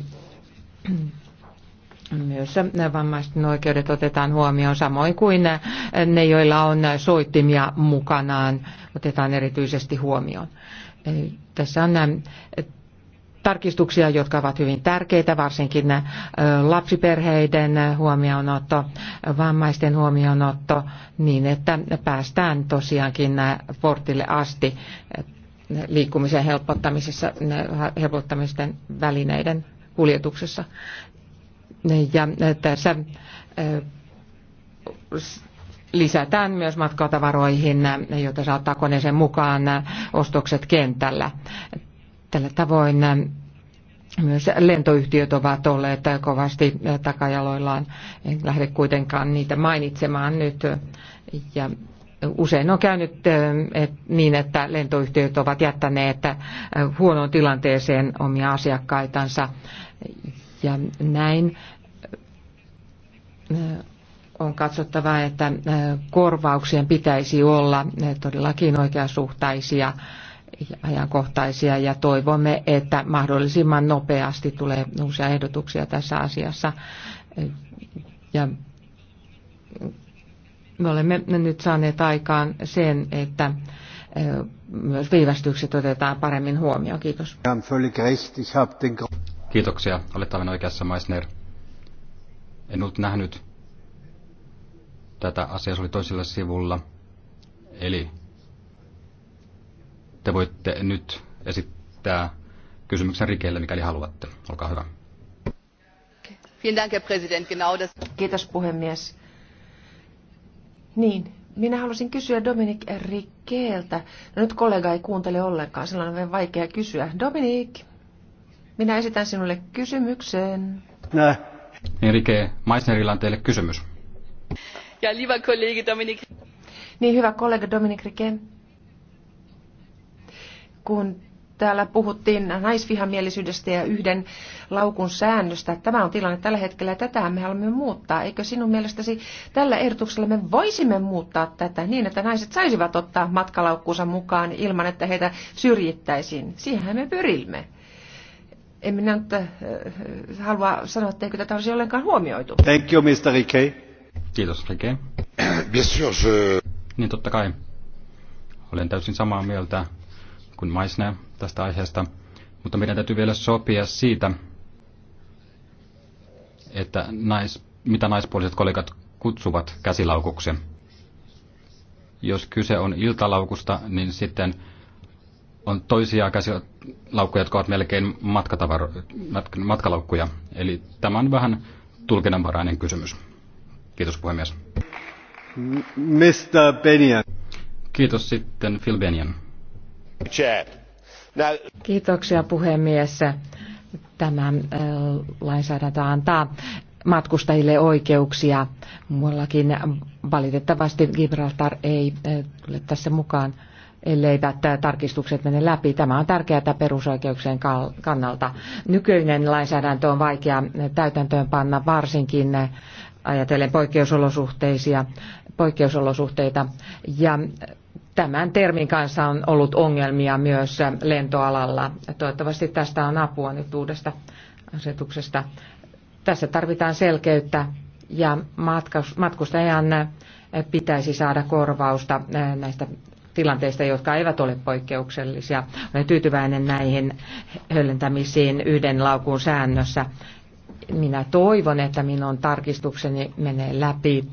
myös vammaisten oikeudet otetaan huomioon, samoin kuin ne, joilla on soittimia mukanaan, otetaan erityisesti huomioon. Tässä on tarkistuksia, jotka ovat hyvin tärkeitä, varsinkin äh, lapsiperheiden huomioonotto, vammaisten huomioonotto, niin että päästään tosiaankin äh, portille asti äh, liikkumisen helpottamisessa, helpottamisten välineiden kuljetuksessa. Ja tässä lisätään myös matkatavaroihin, joita saattaa koneeseen mukaan ostokset kentällä. Tällä tavoin ähm, myös lentoyhtiöt ovat olleet kovasti äh, takajaloillaan. En lähde kuitenkaan niitä mainitsemaan nyt. Ja usein on käynyt äh, niin, että lentoyhtiöt ovat jättäneet äh, huonoon tilanteeseen omia asiakkaitansa. Ja näin on katsottava, että korvauksien pitäisi olla todellakin oikeasuhtaisia. suhtaisia ajankohtaisia ja toivomme, että mahdollisimman nopeasti tulee uusia ehdotuksia tässä asiassa. Ja me olemme nyt saaneet aikaan sen, että myös viivästykset otetaan paremmin huomioon. Kiitos. Kiitoksia. Olet aivan oikeassa, Meissner. En ollut nähnyt tätä asiaa, se oli toisella sivulla. Eli te voitte nyt esittää kysymyksen Rikelle, mikäli haluatte. Olkaa hyvä. Kiitos puhemies. Niin, minä halusin kysyä Dominik Rikkeeltä. No nyt kollega ei kuuntele ollenkaan, sillä on vähän vaikea kysyä. Dominik, minä esitän sinulle kysymyksen. Niin, Rike, Meissnerillä on teille kysymys. Ja lieber kollega Dominik. Niin, hyvä kollega Dominik Rike kun täällä puhuttiin naisvihamielisyydestä ja yhden laukun säännöstä. Tämä on tilanne tällä hetkellä ja tätä me haluamme muuttaa. Eikö sinun mielestäsi tällä ehdotuksella me voisimme muuttaa tätä niin, että naiset saisivat ottaa matkalaukkuunsa mukaan ilman, että heitä syrjittäisiin? Siihenhän me pyrimme. En minä nyt äh, äh halua sanoa, että eikö tätä olisi ollenkaan huomioitu. Thank you, Mr. Riquet. Kiitos, Riquet. Bien sûr, je... Niin totta kai. Olen täysin samaa mieltä kuin Maisne tästä aiheesta, mutta meidän täytyy vielä sopia siitä, että nais, mitä naispuoliset kollegat kutsuvat käsilaukuksi. Jos kyse on iltalaukusta, niin sitten on toisia käsilaukkuja, jotka ovat melkein matkalaukkuja. Eli tämä on vähän tulkinnanvarainen kysymys. Kiitos puhemies. Mr. Benian. Kiitos sitten Phil Benian. Kiitoksia puhemies. Tämä äh, lainsäädäntö antaa matkustajille oikeuksia. Muuallakin valitettavasti Gibraltar ei äh, tule tässä mukaan, elleivät äh, tarkistukset mene läpi. Tämä on tärkeää perusoikeuksien kannalta. Nykyinen lainsäädäntö on vaikea täytäntöön panna, varsinkin ajatellen poikkeusolosuhteisia, poikkeusolosuhteita. Ja Tämän termin kanssa on ollut ongelmia myös lentoalalla. Toivottavasti tästä on apua nyt uudesta asetuksesta. Tässä tarvitaan selkeyttä ja matkustajan pitäisi saada korvausta eh, näistä tilanteista, jotka eivät ole poikkeuksellisia. Olen tyytyväinen näihin höllentämisiin yhden laukun säännössä. Minä toivon, että minun tarkistukseni menee läpi,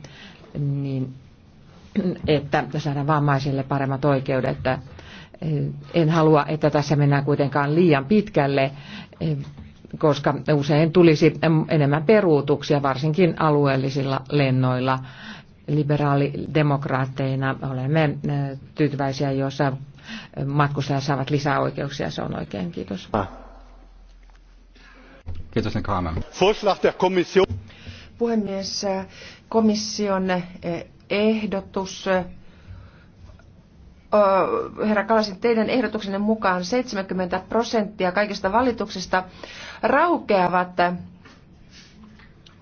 niin että saadaan vammaisille paremmat oikeudet. En halua, että tässä mennään kuitenkaan liian pitkälle, koska usein tulisi enemmän peruutuksia, varsinkin alueellisilla lennoilla. Liberaalidemokraatteina olemme tyytyväisiä, joissa matkustajat saavat lisää oikeuksia. Se on oikein. Kiitos. Kiitos, Puhemies, komission ehdotus herra Kalasin, teidän ehdotuksenne mukaan 70 prosenttia kaikista valituksista raukeavat,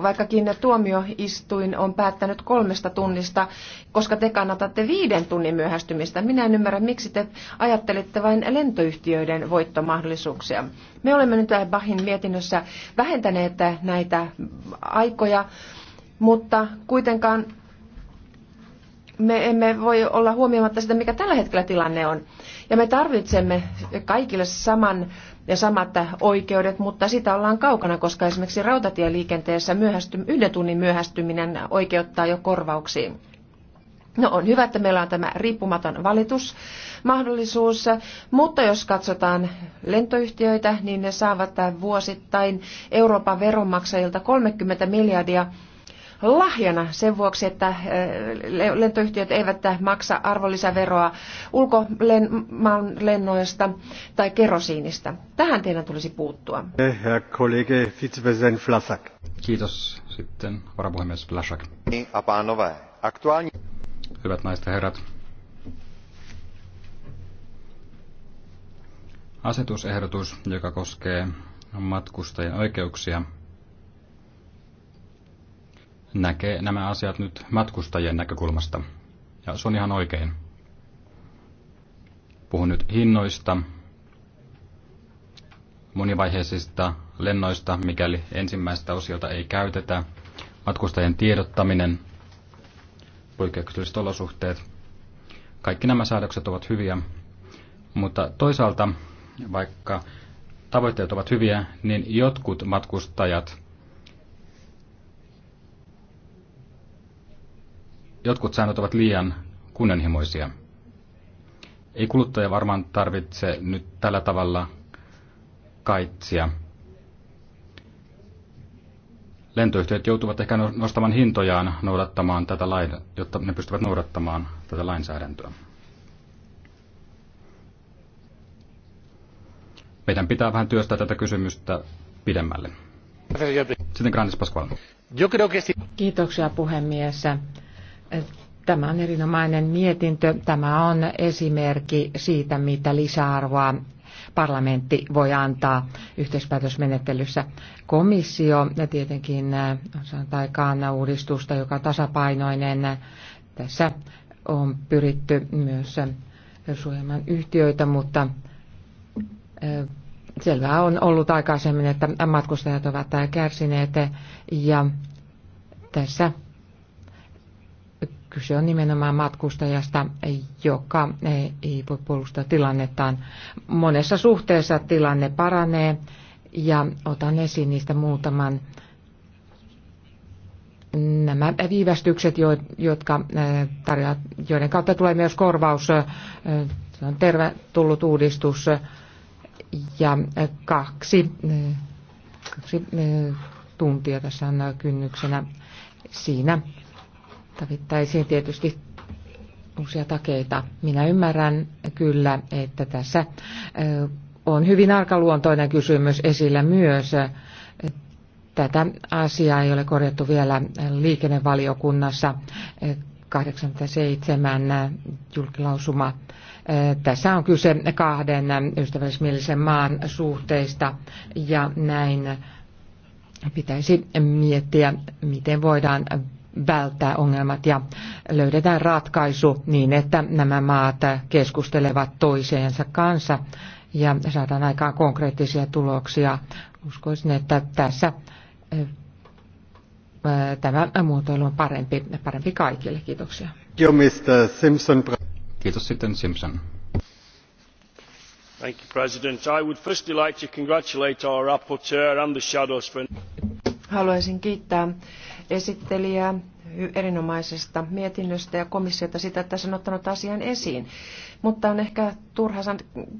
vaikkakin tuomioistuin on päättänyt kolmesta tunnista, koska te kannatatte viiden tunnin myöhästymistä. Minä en ymmärrä, miksi te ajattelette vain lentoyhtiöiden voittomahdollisuuksia. Me olemme nyt Bahin mietinnössä vähentäneet näitä aikoja, mutta kuitenkaan me emme voi olla huomioimatta sitä, mikä tällä hetkellä tilanne on. Ja me tarvitsemme kaikille saman ja samat oikeudet, mutta sitä ollaan kaukana, koska esimerkiksi rautatieliikenteessä myöhästy, yhden tunnin myöhästyminen oikeuttaa jo korvauksiin. No on hyvä, että meillä on tämä riippumaton valitusmahdollisuus, mutta jos katsotaan lentoyhtiöitä, niin ne saavat vuosittain Euroopan veronmaksajilta 30 miljardia lahjana sen vuoksi, että äh, lentoyhtiöt eivät maksa arvonlisäveroa ulkomaan lennoista tai kerosiinista. Tähän teidän tulisi puuttua. Herr Kollege Fitzvesen Flasak. Kiitos sitten varapuhemies Flasak. Hyvät naiset ja herrat. Asetusehdotus, joka koskee matkustajien oikeuksia näkee nämä asiat nyt matkustajien näkökulmasta. Ja se on ihan oikein. Puhun nyt hinnoista, monivaiheisista lennoista, mikäli ensimmäistä osiota ei käytetä, matkustajien tiedottaminen, poikkeukselliset olosuhteet. Kaikki nämä säädökset ovat hyviä, mutta toisaalta, vaikka tavoitteet ovat hyviä, niin jotkut matkustajat jotkut säännöt ovat liian kunnianhimoisia. Ei kuluttaja varmaan tarvitse nyt tällä tavalla kaitsia. Lentoyhtiöt joutuvat ehkä no- nostamaan hintojaan noudattamaan tätä lain, jotta ne pystyvät noudattamaan tätä lainsäädäntöä. Meidän pitää vähän työstää tätä kysymystä pidemmälle. Sitten Grandis Pasquale. Kiitoksia puhemies. Tämä on erinomainen mietintö. Tämä on esimerkki siitä, mitä lisäarvoa parlamentti voi antaa yhteispäätösmenettelyssä. Komissio tietenkin on äh, saanut uudistusta, joka on tasapainoinen. Tässä on pyritty myös äh, suojelman yhtiöitä, mutta äh, selvää on ollut aikaisemmin, että matkustajat ovat kärsineet ja tässä Kyse on nimenomaan matkustajasta, joka ei voi puolustaa tilannettaan. Monessa suhteessa tilanne paranee ja otan esiin niistä muutaman. Nämä viivästykset, jotka tarjoat, joiden kautta tulee myös korvaus, se on tervetullut uudistus ja kaksi, kaksi tuntia tässä on kynnyksenä siinä tarvittaisiin tietysti uusia takeita. Minä ymmärrän kyllä, että tässä on hyvin arkaluontoinen kysymys esillä myös. Tätä asiaa ei ole korjattu vielä liikennevaliokunnassa. 87 julkilausuma. Tässä on kyse kahden ystävällismielisen maan suhteista ja näin pitäisi miettiä, miten voidaan välttää ongelmat ja löydetään ratkaisu niin, että nämä maat keskustelevat toiseensa kanssa ja saadaan aikaan konkreettisia tuloksia. Uskoisin, että tässä eh, tämä muotoilu on parempi, parempi kaikille. Kiitoksia. Kiitos sitten Simpson. Thank you, President. I would firstly like to congratulate our rapporteur and the shadows for... Haluaisin kiittää esittelijää erinomaisesta mietinnöstä ja komissiota sitä, että se on ottanut asian esiin. Mutta on ehkä turha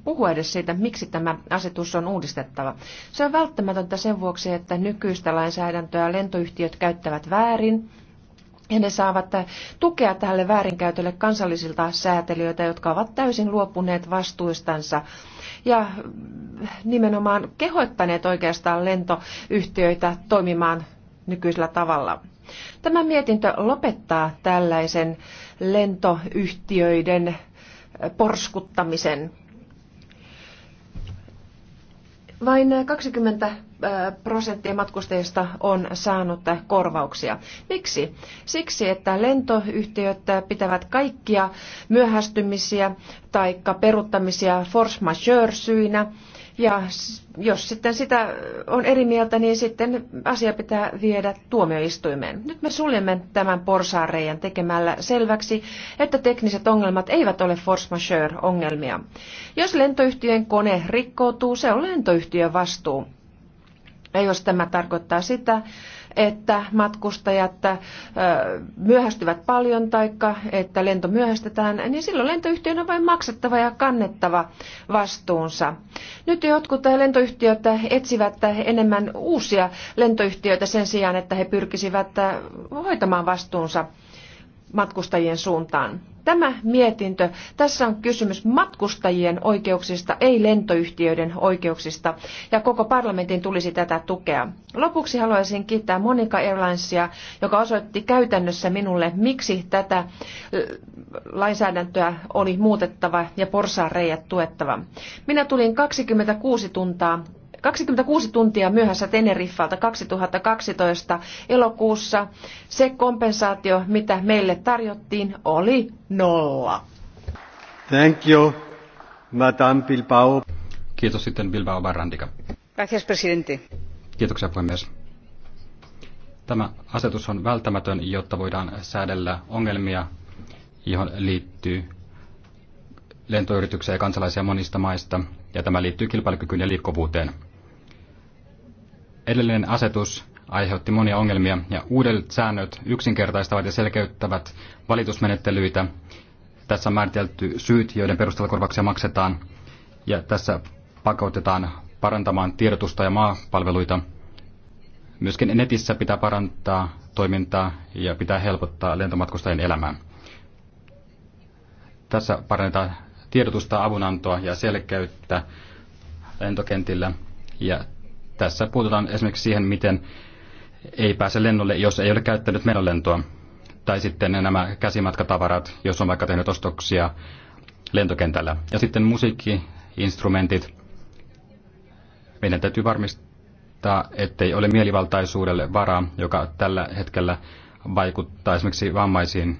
puhua edes siitä, miksi tämä asetus on uudistettava. Se on välttämätöntä sen vuoksi, että nykyistä lainsäädäntöä lentoyhtiöt käyttävät väärin, ja ne saavat tukea tälle väärinkäytölle kansallisilta säätelijöitä, jotka ovat täysin luopuneet vastuistansa ja nimenomaan kehoittaneet oikeastaan lentoyhtiöitä toimimaan nykyisellä tavalla. Tämä mietintö lopettaa tällaisen lentoyhtiöiden eh, porskuttamisen. Vain 20 eh, prosenttia matkustajista on saanut korvauksia. Miksi? Siksi, että lentoyhtiöt pitävät kaikkia myöhästymisiä tai peruttamisia force majeure syinä ja jos sitten sitä on eri mieltä, niin sitten asia pitää viedä tuomioistuimeen. Nyt me suljemme tämän porsaareijan tekemällä selväksi, että tekniset ongelmat eivät ole force majeure-ongelmia. Jos lentoyhtiön kone rikkoutuu, se on lentoyhtiön vastuu. Ja jos tämä tarkoittaa sitä, että matkustajat äh, myöhästyvät paljon tai että lento myöhästetään, niin silloin lentoyhtiön on vain maksettava ja kannettava vastuunsa. Nyt jotkut lentoyhtiöt etsivät enemmän uusia lentoyhtiöitä sen sijaan, että he pyrkisivät äh, hoitamaan vastuunsa matkustajien suuntaan tämä mietintö, tässä on kysymys matkustajien oikeuksista, ei lentoyhtiöiden oikeuksista, ja koko parlamentin tulisi tätä tukea. Lopuksi haluaisin kiittää Monika Airlinesia, joka osoitti käytännössä minulle, miksi tätä lainsäädäntöä oli muutettava ja porsaanreijät tuettava. Minä tulin 26 tuntaa 26 tuntia myöhässä Teneriffalta 2012 elokuussa. Se kompensaatio, mitä meille tarjottiin, oli nolla. Thank you, Madame Bilbao. Kiitos sitten Bilbao Barrantika. Gracias, presidente. Kiitoksia puhemies. Tämä asetus on välttämätön, jotta voidaan säädellä ongelmia, johon liittyy lentoyrityksiä ja kansalaisia monista maista, ja tämä liittyy kilpailukykyyn ja liikkuvuuteen. Edellinen asetus aiheutti monia ongelmia ja uudet säännöt yksinkertaistavat ja selkeyttävät valitusmenettelyitä. Tässä on määritelty syyt, joiden perusteella korvauksia maksetaan ja tässä pakotetaan parantamaan tiedotusta ja maapalveluita. Myöskin netissä pitää parantaa toimintaa ja pitää helpottaa lentomatkustajien elämää. Tässä parannetaan tiedotusta, avunantoa ja selkeyttä lentokentillä ja tässä puututaan esimerkiksi siihen, miten ei pääse lennolle, jos ei ole käyttänyt menolentoa. Tai sitten nämä käsimatkatavarat, jos on vaikka tehnyt ostoksia lentokentällä. Ja sitten musiikkiinstrumentit. Meidän täytyy varmistaa, ettei ole mielivaltaisuudelle varaa, joka tällä hetkellä vaikuttaa esimerkiksi vammaisiin.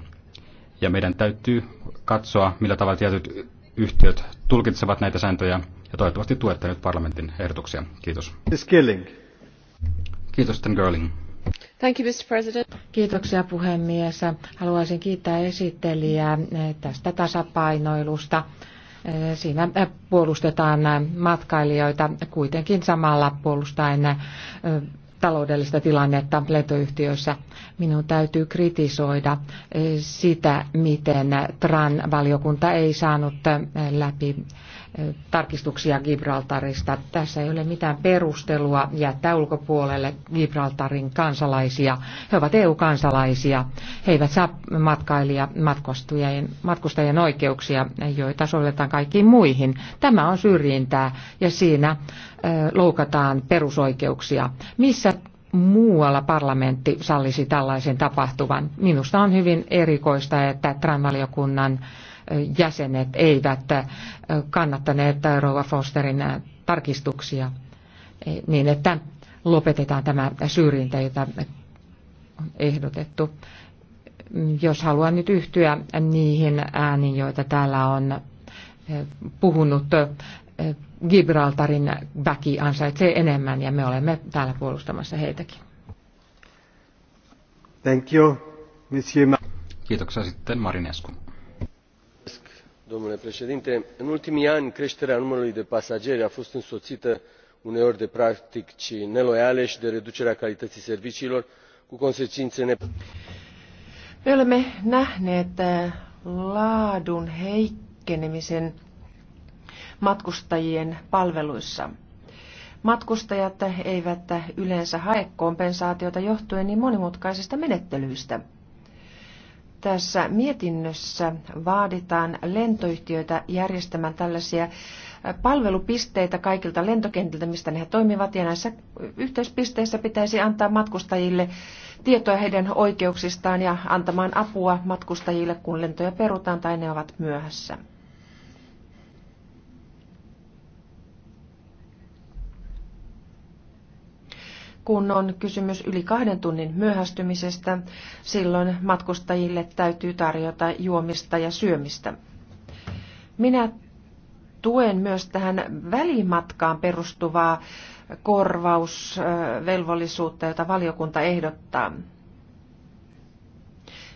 Ja meidän täytyy katsoa, millä tavalla tietyt yhtiöt tulkitsevat näitä sääntöjä. Ja toivottavasti tuette nyt parlamentin ehdotuksia. Kiitos. Kiitos, Sten Girling. Thank you, Mr. President. Kiitoksia puhemies. Haluaisin kiittää esittelijää eh, tästä tasapainoilusta. Eh, siinä eh, puolustetaan matkailijoita kuitenkin samalla puolustaen taloudellista tilannetta lentoyhtiöissä. Minun täytyy kritisoida sitä, miten TRAN-valiokunta ei saanut läpi tarkistuksia Gibraltarista. Tässä ei ole mitään perustelua jättää ulkopuolelle Gibraltarin kansalaisia. He ovat EU-kansalaisia. He eivät saa matkailija, matkustajien, matkustajien oikeuksia, joita sovelletaan kaikkiin muihin. Tämä on syrjintää ja siinä loukataan perusoikeuksia. Missä muualla parlamentti sallisi tällaisen tapahtuvan. Minusta on hyvin erikoista, että Tran-valiokunnan jäsenet eivät äh, kannattaneet Rova Fosterin äh, tarkistuksia e, niin, että lopetetaan tämä syrjintä, jota on ehdotettu. Jos haluan nyt yhtyä niihin ääniin, joita täällä on e, puhunut, e, Gibraltarin väki ansaitsee enemmän ja me olemme täällä puolustamassa heitäkin. Thank you, Monsieur. Kiitoksia sitten Marinescu domnule președinte în ultimii ani creșterea numărului de pasageri a fost însoțită uneori de practici neloiale și de reducerea calității serviciilor cu consecințe me tässä mietinnössä vaaditaan lentoyhtiöitä järjestämään tällaisia palvelupisteitä kaikilta lentokentiltä, mistä ne toimivat, ja näissä yhteyspisteissä pitäisi antaa matkustajille tietoa heidän oikeuksistaan ja antamaan apua matkustajille, kun lentoja perutaan tai ne ovat myöhässä. kun on kysymys yli kahden tunnin myöhästymisestä, silloin matkustajille täytyy tarjota juomista ja syömistä. Minä tuen myös tähän välimatkaan perustuvaa korvausvelvollisuutta, jota valiokunta ehdottaa,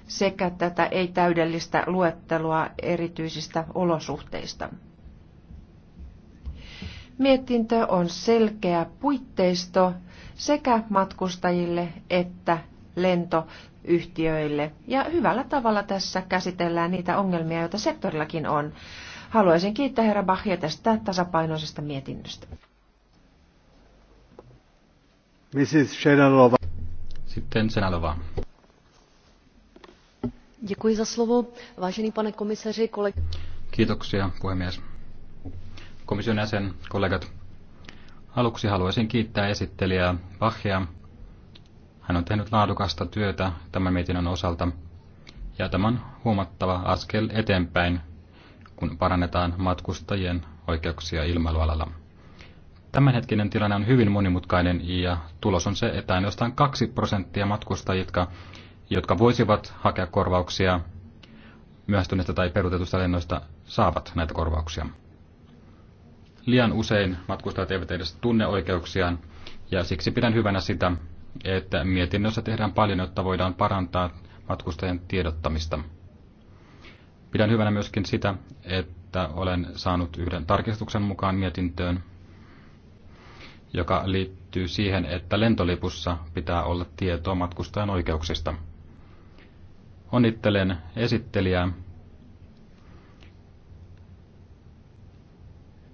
sekä tätä ei-täydellistä luettelua erityisistä olosuhteista. Mietintö on selkeä puitteisto sekä matkustajille että lentoyhtiöille. Ja hyvällä tavalla tässä käsitellään niitä ongelmia, joita sektorillakin on. Haluaisin kiittää herra Bachia tästä tasapainoisesta mietinnöstä. Mrs. Šenalova. Sitten Senalova. Děkuji za slovo. Vážený pane komisaři, koleg... Kiitoksia, puhemies. Komission jäsen, kollegat. Aluksi haluaisin kiittää esittelijää Bachia. Hän on tehnyt laadukasta työtä tämän mietinnön osalta, ja tämä on huomattava askel eteenpäin, kun parannetaan matkustajien oikeuksia ilmailualalla. Tämänhetkinen tilanne on hyvin monimutkainen ja tulos on se, että ainoastaan 2 prosenttia matkustajista, jotka voisivat hakea korvauksia myöhästyneistä tai peruutetusta lennoista, saavat näitä korvauksia. Liian usein matkustajat eivät edes tunne oikeuksiaan, ja siksi pidän hyvänä sitä, että mietinnössä tehdään paljon, jotta voidaan parantaa matkustajien tiedottamista. Pidän hyvänä myöskin sitä, että olen saanut yhden tarkistuksen mukaan mietintöön, joka liittyy siihen, että lentolipussa pitää olla tietoa matkustajan oikeuksista. Onnittelen esittelijää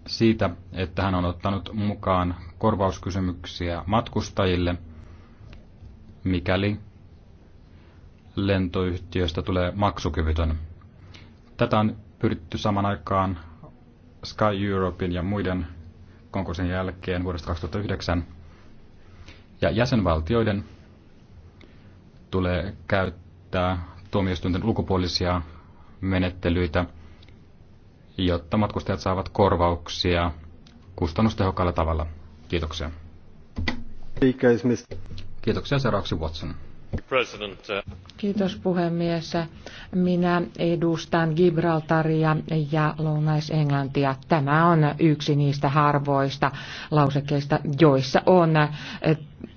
siitä, että hän on ottanut mukaan korvauskysymyksiä matkustajille, mikäli lentoyhtiöstä tulee maksukyvytön. Tätä on pyritty saman aikaan Sky Europein ja muiden konkurssin jälkeen vuodesta 2009. Ja jäsenvaltioiden tulee käyttää tuomioistuinten ulkopuolisia menettelyitä – jotta matkustajat saavat korvauksia kustannustehokkaalla tavalla. Kiitoksia. Kiitoksia seuraavaksi Watson. Uh, Kiitos puhemies. Minä edustan Gibraltaria ja Lounais-Englantia. Tämä on yksi niistä harvoista lausekkeista, joissa on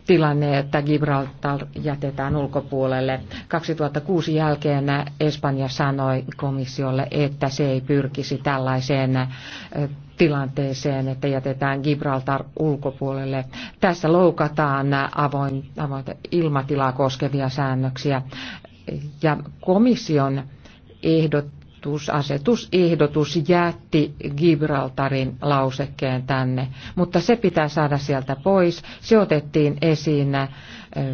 tilanne, että Gibraltar jätetään ulkopuolelle. 2006 jälkeen Espanja sanoi komissiolle, että se ei pyrkisi tällaiseen tilanteeseen, että jätetään Gibraltar ulkopuolelle. Tässä loukataan avoin, avoin ilmatilaa koskevia säännöksiä. Ja komission ehdot, asetus, asetusehdotus jätti Gibraltarin lausekkeen tänne, mutta se pitää saada sieltä pois. Se otettiin esiin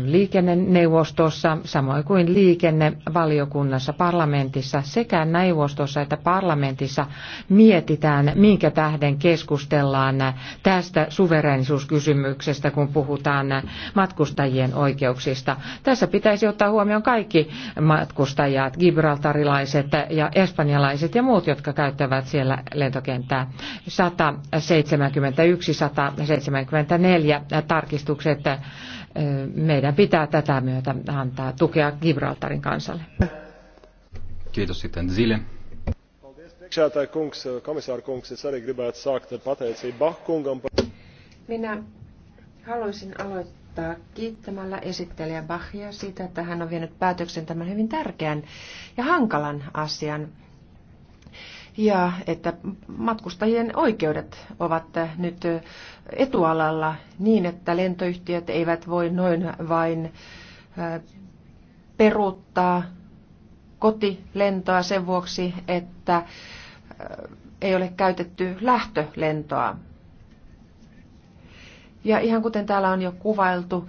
liikenneneuvostossa, samoin kuin liikennevaliokunnassa, parlamentissa sekä neuvostossa että parlamentissa mietitään, minkä tähden keskustellaan tästä suverenisuuskysymyksestä, kun puhutaan matkustajien oikeuksista. Tässä pitäisi ottaa huomioon kaikki matkustajat, gibraltarilaiset ja espanjalaiset ja muut, jotka käyttävät siellä lentokenttää. 171, 174 tarkistukset meidän pitää tätä myötä antaa tukea Gibraltarin kansalle. Kiitos sitten Zile. Minä haluaisin aloittaa kiittämällä esittelijä Bachia siitä, että hän on vienyt päätöksen tämän hyvin tärkeän ja hankalan asian ja että matkustajien oikeudet ovat nyt etualalla niin, että lentoyhtiöt eivät voi noin vain peruuttaa kotilentoa sen vuoksi, että ei ole käytetty lähtölentoa. Ja ihan kuten täällä on jo kuvailtu,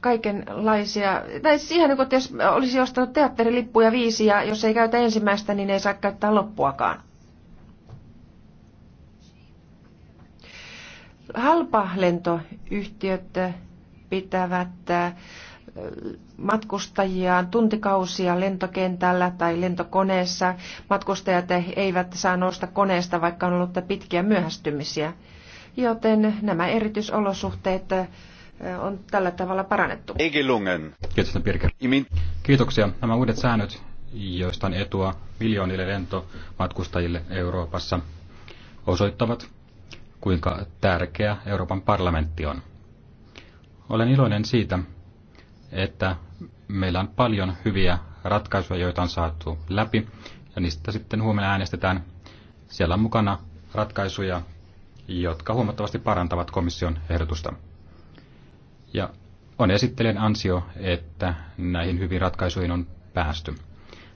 kaikenlaisia, tai siihen, että jos olisi ostanut teatterilippuja viisi ja jos ei käytä ensimmäistä, niin ei saa käyttää loppuakaan. halpalentoyhtiöt pitävät äh, matkustajiaan tuntikausia lentokentällä tai lentokoneessa. Matkustajat eivät saa nousta koneesta, vaikka on ollut pitkiä myöhästymisiä. Joten nämä erityisolosuhteet äh, on tällä tavalla parannettu. Egelungen. Kiitos, Pirker. Kiitoksia. Nämä uudet säännöt, joista on etua miljoonille lentomatkustajille Euroopassa, osoittavat, kuinka tärkeä Euroopan parlamentti on. Olen iloinen siitä, että meillä on paljon hyviä ratkaisuja, joita on saatu läpi, ja niistä sitten huomenna äänestetään. Siellä on mukana ratkaisuja, jotka huomattavasti parantavat komission ehdotusta. Ja on esittelijän ansio, että näihin hyviin ratkaisuihin on päästy.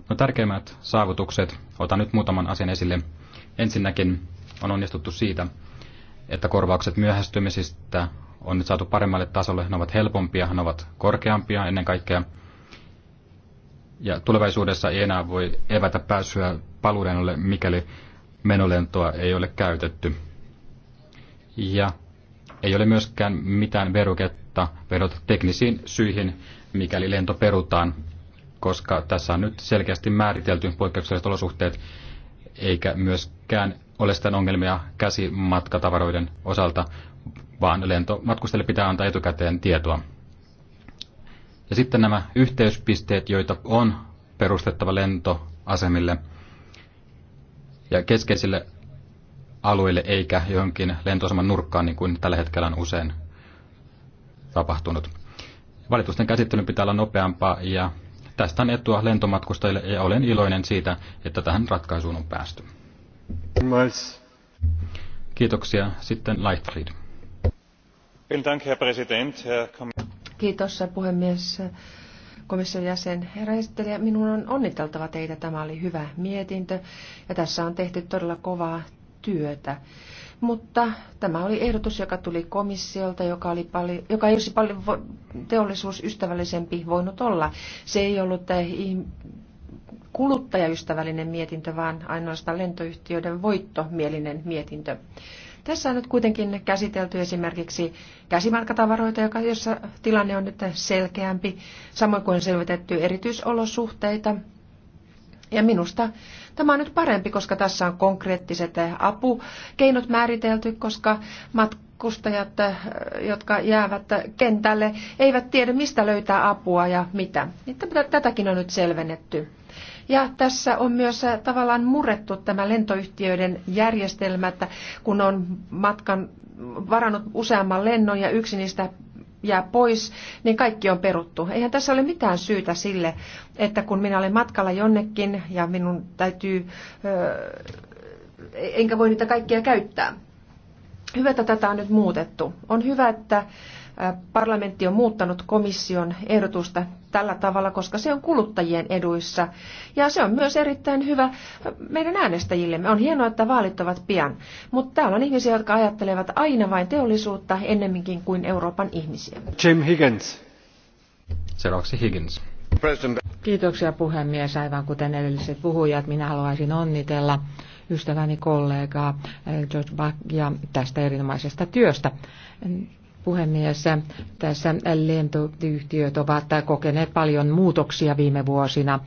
No tärkeimmät saavutukset, otan nyt muutaman asian esille. Ensinnäkin on onnistuttu siitä, että korvaukset myöhästymisistä on nyt saatu paremmalle tasolle. Ne ovat helpompia, ne ovat korkeampia ennen kaikkea. Ja tulevaisuudessa ei enää voi evätä pääsyä paluudenolle, mikäli menolentoa ei ole käytetty. Ja ei ole myöskään mitään veruketta vedota teknisiin syihin, mikäli lento perutaan, koska tässä on nyt selkeästi määritelty poikkeukselliset olosuhteet, eikä myöskään ole sitä ongelmia käsimatkatavaroiden osalta, vaan lentomatkustajille pitää antaa etukäteen tietoa. Ja sitten nämä yhteyspisteet, joita on perustettava lentoasemille ja keskeisille alueille eikä johonkin lentoaseman nurkkaan, niin kuin tällä hetkellä on usein tapahtunut. Valitusten käsittelyn pitää olla nopeampaa ja tästä on etua lentomatkustajille ja olen iloinen siitä, että tähän ratkaisuun on päästy. Kiitoksia. Sitten Lightfried. Kiitos puhemies komission jäsen. Herra esittelijä, minun on onniteltava teitä. Tämä oli hyvä mietintö ja tässä on tehty todella kovaa työtä. Mutta tämä oli ehdotus, joka tuli komissiolta, joka, oli joka ei olisi paljon teollisuusystävällisempi voinut olla. Se ei ollut eh, kuluttajaystävällinen mietintö, vaan ainoastaan lentoyhtiöiden voittomielinen mietintö. Tässä on nyt kuitenkin käsitelty esimerkiksi käsimarkatavaroita, joka, jossa tilanne on nyt selkeämpi, samoin kuin selvitetty erityisolosuhteita. Ja minusta tämä on nyt parempi, koska tässä on konkreettiset apukeinot määritelty, koska matkustajat, jotka jäävät kentälle, eivät tiedä, mistä löytää apua ja mitä. Tätäkin on nyt selvennetty. Ja tässä on myös äh, tavallaan murrettu tämä lentoyhtiöiden järjestelmä, että kun on matkan varannut useamman lennon ja yksi niistä jää pois, niin kaikki on peruttu. Eihän tässä ole mitään syytä sille, että kun minä olen matkalla jonnekin ja minun täytyy, äh, e-, enkä voi niitä kaikkia käyttää. Hyvä, että tätä on nyt muutettu. On hyvä, että parlamentti on muuttanut komission ehdotusta tällä tavalla, koska se on kuluttajien eduissa. Ja se on myös erittäin hyvä meidän äänestäjillemme. On hienoa, että vaalit ovat pian. Mutta täällä on ihmisiä, jotka ajattelevat aina vain teollisuutta ennemminkin kuin Euroopan ihmisiä. Jim Higgins. Seuraavaksi Higgins. President. Kiitoksia puhemies. Aivan kuten edelliset puhujat, minä haluaisin onnitella ystäväni kollegaa eh, George Buckia tästä erinomaisesta työstä puhemies. Tässä lentoyhtiöt ovat kokeneet paljon muutoksia viime vuosina.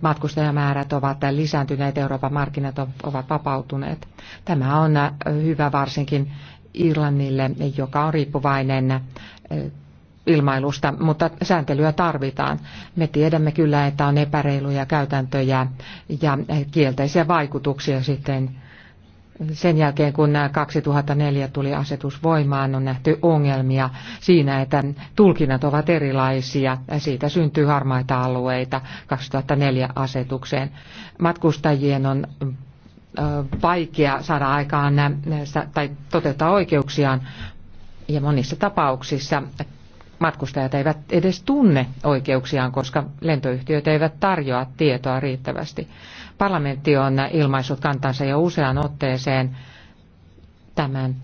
Matkustajamäärät ovat lisääntyneet, Euroopan markkinat ovat vapautuneet. Tämä on hyvä varsinkin Irlannille, joka on riippuvainen eh, ilmailusta, mutta sääntelyä tarvitaan. Me tiedämme kyllä, että on epäreiluja käytäntöjä ja kielteisiä vaikutuksia sitten sen jälkeen, kun 2004 tuli asetus voimaan, on nähty ongelmia siinä, että tulkinnat ovat erilaisia. Siitä syntyy harmaita alueita 2004 asetukseen. Matkustajien on vaikea saada aikaan tai toteuttaa oikeuksiaan. Ja monissa tapauksissa matkustajat eivät edes tunne oikeuksiaan, koska lentoyhtiöt eivät tarjoa tietoa riittävästi. Parlamentti on ilmaissut kantansa jo useaan otteeseen tämän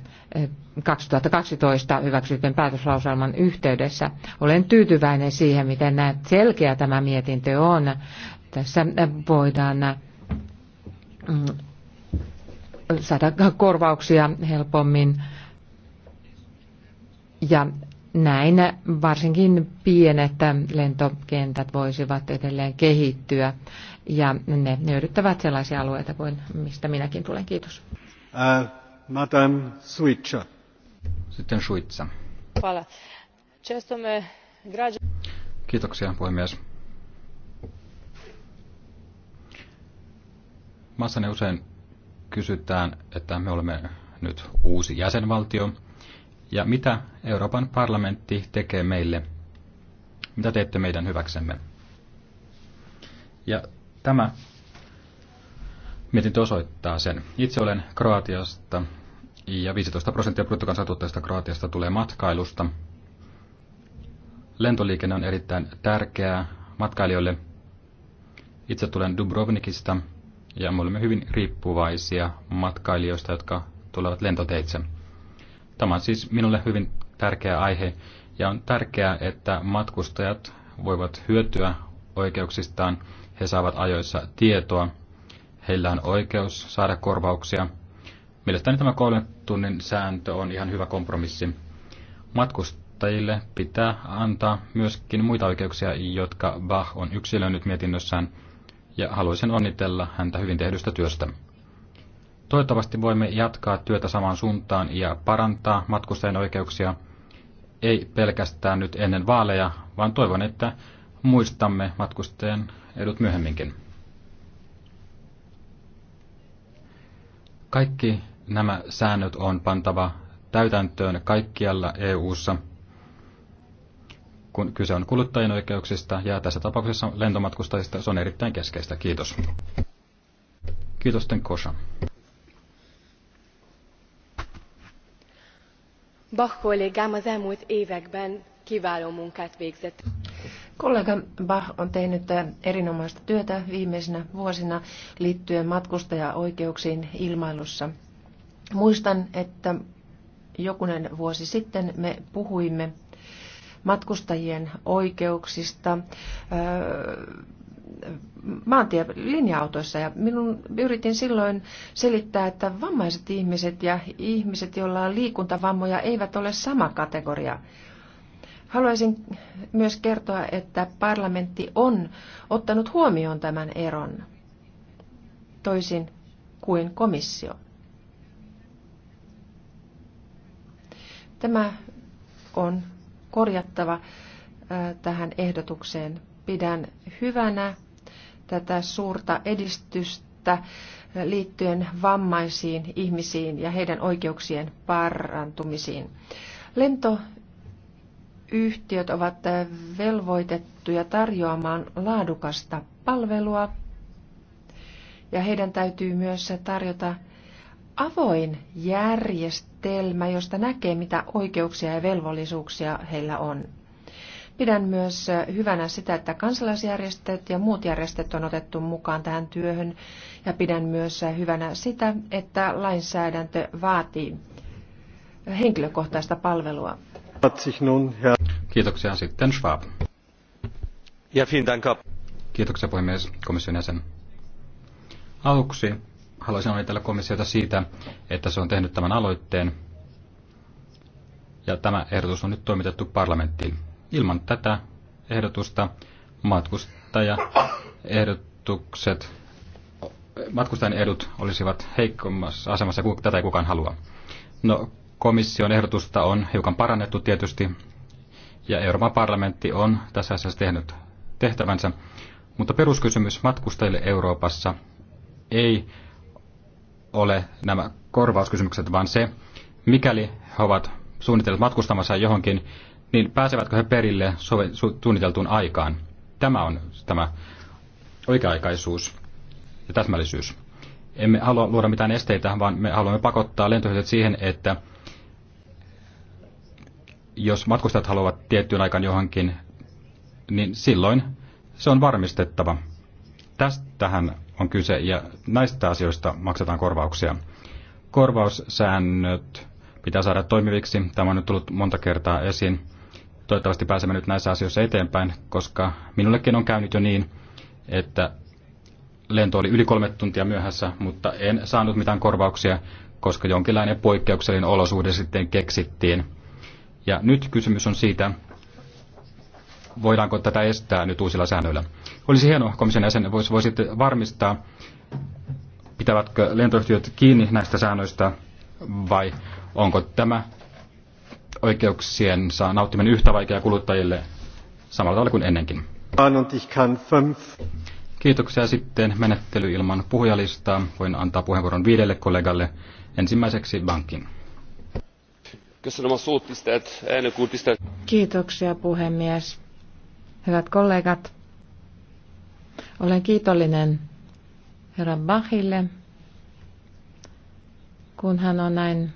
2012 eh, hyväksytyn päätöslauselman yhteydessä. Olen tyytyväinen siihen, miten selkeä tämä mietintö on. Tässä eh, voidaan mm, saada korvauksia helpommin ja näin varsinkin pienet lentokentät voisivat edelleen kehittyä ja ne hyödyttävät sellaisia alueita kuin mistä minäkin tulen. Kiitos. Uh, Madame Suitsa. Sitten Suitsa. Kiitoksia puhemies. Maassani usein kysytään, että me olemme nyt uusi jäsenvaltio – ja mitä Euroopan parlamentti tekee meille, mitä teette meidän hyväksemme. Ja tämä mietintö osoittaa sen. Itse olen Kroatiasta ja 15 prosenttia bruttokansantuotteesta Kroatiasta tulee matkailusta. Lentoliikenne on erittäin tärkeää matkailijoille. Itse tulen Dubrovnikista ja me olemme hyvin riippuvaisia matkailijoista, jotka tulevat lentoteitse. Tämä on siis minulle hyvin tärkeä aihe ja on tärkeää, että matkustajat voivat hyötyä oikeuksistaan. He saavat ajoissa tietoa. Heillä on oikeus saada korvauksia. Mielestäni tämä kolmen tunnin sääntö on ihan hyvä kompromissi. Matkustajille pitää antaa myöskin muita oikeuksia, jotka Bach on yksilönyt mietinnössään, ja haluaisin onnitella häntä hyvin tehdystä työstä. Toivottavasti voimme jatkaa työtä samaan suuntaan ja parantaa matkustajien oikeuksia, ei pelkästään nyt ennen vaaleja, vaan toivon, että muistamme matkustajien edut myöhemminkin. Kaikki nämä säännöt on pantava täytäntöön kaikkialla EU:ssa, kun kyse on kuluttajien oikeuksista ja tässä tapauksessa lentomatkustajista se on erittäin keskeistä. Kiitos. Kiitos, Tenkosha. bach kollégám az elmúlt években kiváló munkát végzett. Kollega Bach on tehnyt eh, erinomaista työtä viimeisinä vuosina liittyen matkustajaoikeuksiin ilmailussa. Muistan, että jokunen vuosi sitten me puhuimme matkustajien oikeuksista eh, maantie linja-autoissa ja minun yritin silloin selittää, että vammaiset ihmiset ja ihmiset, joilla on liikuntavammoja, eivät ole sama kategoria. Haluaisin myös kertoa, että parlamentti on ottanut huomioon tämän eron toisin kuin komissio. Tämä on korjattava äh, tähän ehdotukseen pidän hyvänä tätä suurta edistystä liittyen vammaisiin ihmisiin ja heidän oikeuksien parantumisiin. Lentoyhtiöt ovat velvoitettuja tarjoamaan laadukasta palvelua ja heidän täytyy myös tarjota avoin järjestelmä, josta näkee, mitä oikeuksia ja velvollisuuksia heillä on. Pidän myös hyvänä sitä, että kansalaisjärjestöt ja muut järjestöt on otettu mukaan tähän työhön ja pidän myös hyvänä sitä, että lainsäädäntö vaatii henkilökohtaista palvelua. Kiitoksia sitten Schwab. Ja Kiitoksia puhemies komission jäsen. Aluksi haluaisin onnitella komissiota siitä, että se on tehnyt tämän aloitteen. Ja tämä ehdotus on nyt toimitettu parlamenttiin. Ilman tätä ehdotusta matkustaja ehdotukset matkustajan edut olisivat heikommassa asemassa, tätä ei kukaan halua. No, komission ehdotusta on hiukan parannettu tietysti, ja Euroopan parlamentti on tässä asiassa tehnyt tehtävänsä, mutta peruskysymys matkustajille Euroopassa ei ole nämä korvauskysymykset, vaan se, mikäli he ovat suunnitelleet matkustamassa johonkin, niin pääsevätkö he perille suunniteltuun aikaan? Tämä on tämä oikea-aikaisuus ja täsmällisyys. Emme halua luoda mitään esteitä, vaan me haluamme pakottaa lentoyhtiöt siihen, että jos matkustajat haluavat tiettyyn aikaan johonkin, niin silloin se on varmistettava. Tästähän on kyse ja näistä asioista maksetaan korvauksia. Korvaussäännöt pitää saada toimiviksi. Tämä on nyt tullut monta kertaa esiin. Toivottavasti pääsemme nyt näissä asioissa eteenpäin, koska minullekin on käynyt jo niin, että lento oli yli kolme tuntia myöhässä, mutta en saanut mitään korvauksia, koska jonkinlainen poikkeuksellinen olosuhde sitten keksittiin. Ja nyt kysymys on siitä, voidaanko tätä estää nyt uusilla säännöillä. Olisi hienoa, komission jäsen, vois, voisitte varmistaa, pitävätkö lentoyhtiöt kiinni näistä säännöistä vai onko tämä oikeuksien saa nauttiminen yhtä vaikea kuluttajille samalla tavalla kuin ennenkin. Kiitoksia sitten menettely ilman puhujalistaa. Voin antaa puheenvuoron viidelle kollegalle. Ensimmäiseksi bankin. Kiitoksia puhemies. Hyvät kollegat, olen kiitollinen herra Bachille, kun hän on näin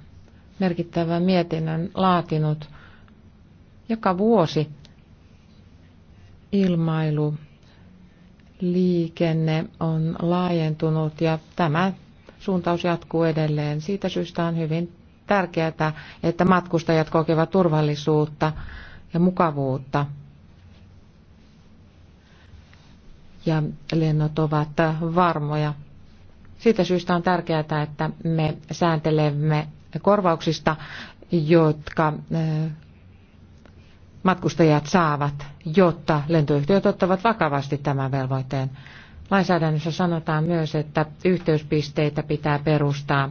merkittävän mietinnön laatinut. Joka vuosi ilmailu liikenne on laajentunut ja tämä suuntaus jatkuu edelleen. Siitä syystä on hyvin tärkeää, että matkustajat kokevat turvallisuutta ja mukavuutta. Ja lennot ovat varmoja. Siitä syystä on tärkeää, että me sääntelemme korvauksista, jotka eh, matkustajat saavat, jotta lentoyhtiöt ottavat vakavasti tämän velvoitteen. Lainsäädännössä sanotaan myös, että yhteyspisteitä pitää perustaa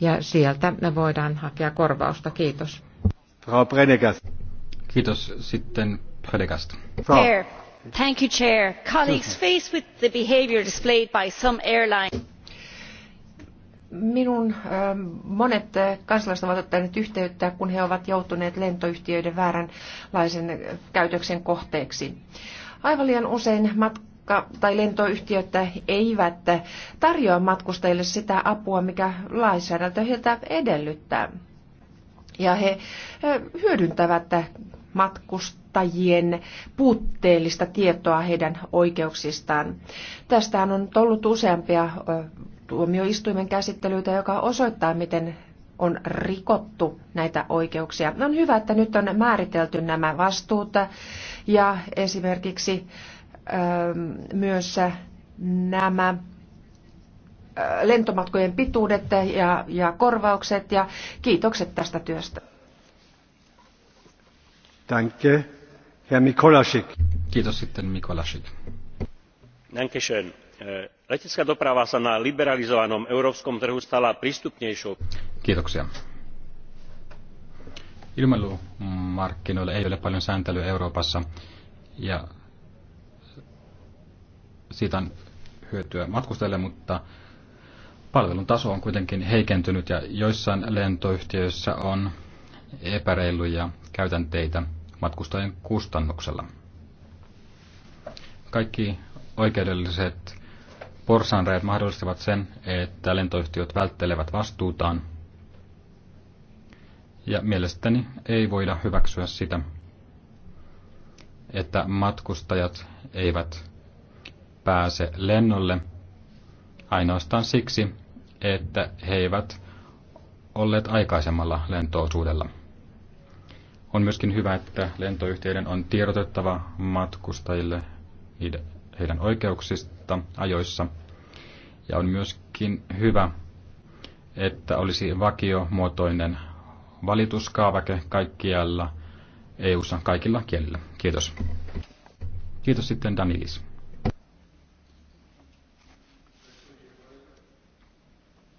ja sieltä me voidaan hakea korvausta. Kiitos. Frau Prenegast. Kiitos. Sitten Prenegast. Frau. Thank you, Chair. Colleagues, faced with the behavior displayed by some airlines. Minun ähm, monet äh, kansalaiset ovat ottaneet yhteyttä, kun he ovat joutuneet lentoyhtiöiden vääränlaisen äh, käytöksen kohteeksi. Aivan liian usein matka- tai lentoyhtiöt eivät tarjoa matkustajille sitä apua, mikä lainsäädäntö heiltä edellyttää. Ja he äh, hyödyntävät matkustajien puutteellista tietoa heidän oikeuksistaan. Tästä on ollut useampia tuomioistuimen käsittelyitä, joka osoittaa, miten on rikottu näitä oikeuksia. On hyvä, että nyt on määritelty nämä vastuut ja esimerkiksi ähm, myös nämä äh, lentomatkojen pituudet ja, ja korvaukset ja kiitokset tästä työstä. Danke. Herr Mikolasik. Kiitos sitten Mikolasik. schön letecká doprava sa na liberalizovanom európskom trhu stala prístupnejšou. Kiitoksia. Ilmailumarkkinoille ei ole paljon sääntelyä Euroopassa ja siitä on hyötyä matkustajille, mutta palvelun taso on kuitenkin heikentynyt ja joissain lentoyhtiöissä on epäreiluja käytänteitä matkustajien kustannuksella. Kaikki oikeudelliset porsanreet mahdollistavat sen, että lentoyhtiöt välttelevät vastuutaan. Ja mielestäni ei voida hyväksyä sitä, että matkustajat eivät pääse lennolle ainoastaan siksi, että he eivät olleet aikaisemmalla lentoosuudella. On myöskin hyvä, että lentoyhtiöiden on tiedotettava matkustajille heidän oikeuksistaan tilannetta ajoissa. Ja on myöskin hyvä, että olisi vakiomuotoinen valituskaavake kaikkialla EU-ssa kaikilla kielillä. Kiitos. Kiitos sitten Danilis.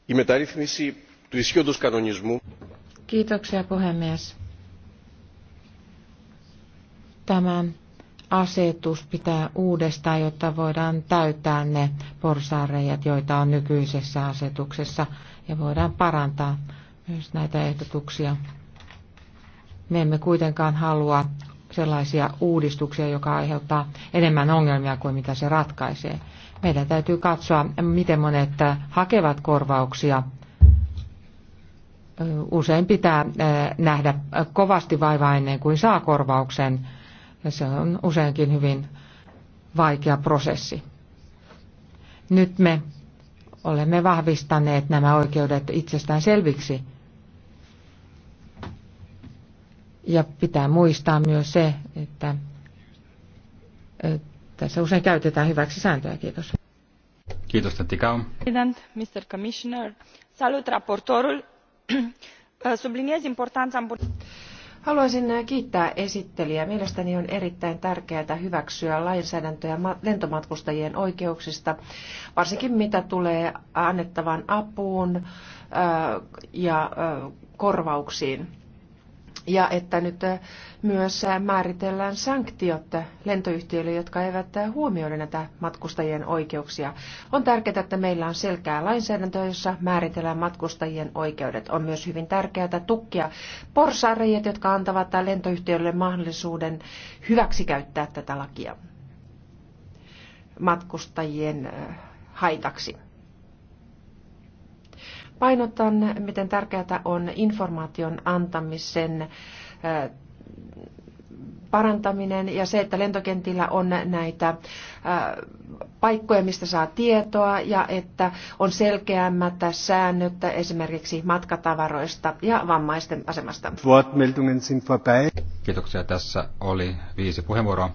Η μεταρρύθμιση του ισχύοντος κανονισμού. Kiitoksia puhemies. Tämän asetus pitää uudestaan, jotta voidaan täyttää ne porsaareijat, joita on nykyisessä asetuksessa, ja voidaan parantaa myös näitä ehdotuksia. Me emme kuitenkaan halua sellaisia uudistuksia, joka aiheuttaa enemmän ongelmia kuin mitä se ratkaisee. Meidän täytyy katsoa, miten monet hakevat korvauksia. Usein pitää eh, nähdä kovasti vaivaa ennen kuin saa korvauksen ja se on useinkin hyvin vaikea prosessi. Nyt me olemme vahvistaneet nämä oikeudet itsestään selviksi. Ja pitää muistaa myös se, että tässä usein käytetään hyväksi sääntöä. Kiitos. Kiitos, Kaum. President, Mr. Commissioner, salut raportorul. Subliniez importanța Haluaisin äh, kiittää esittelijää. Mielestäni on erittäin tärkeää hyväksyä lainsäädäntöä lentomatkustajien oikeuksista, varsinkin mitä tulee annettavan apuun äh, ja äh, korvauksiin. Ja että nyt myös äh, määritellään sanktiot lentoyhtiöille, jotka eivät äh, huomioida näitä matkustajien oikeuksia. On tärkeää, että meillä on selkää lainsäädäntöä, jossa määritellään matkustajien oikeudet. On myös hyvin tärkeää tukkia porsareijat, jotka antavat äh, lentoyhtiöille mahdollisuuden hyväksikäyttää tätä lakia matkustajien haitaksi. Painotan, miten tärkeää on informaation antamisen parantaminen ja se, että lentokentillä on näitä äh, paikkoja, mistä saa tietoa ja että on selkeämmät säännöt esimerkiksi matkatavaroista ja vammaisten asemasta. Kiitoksia. Tässä oli viisi puheenvuoroa.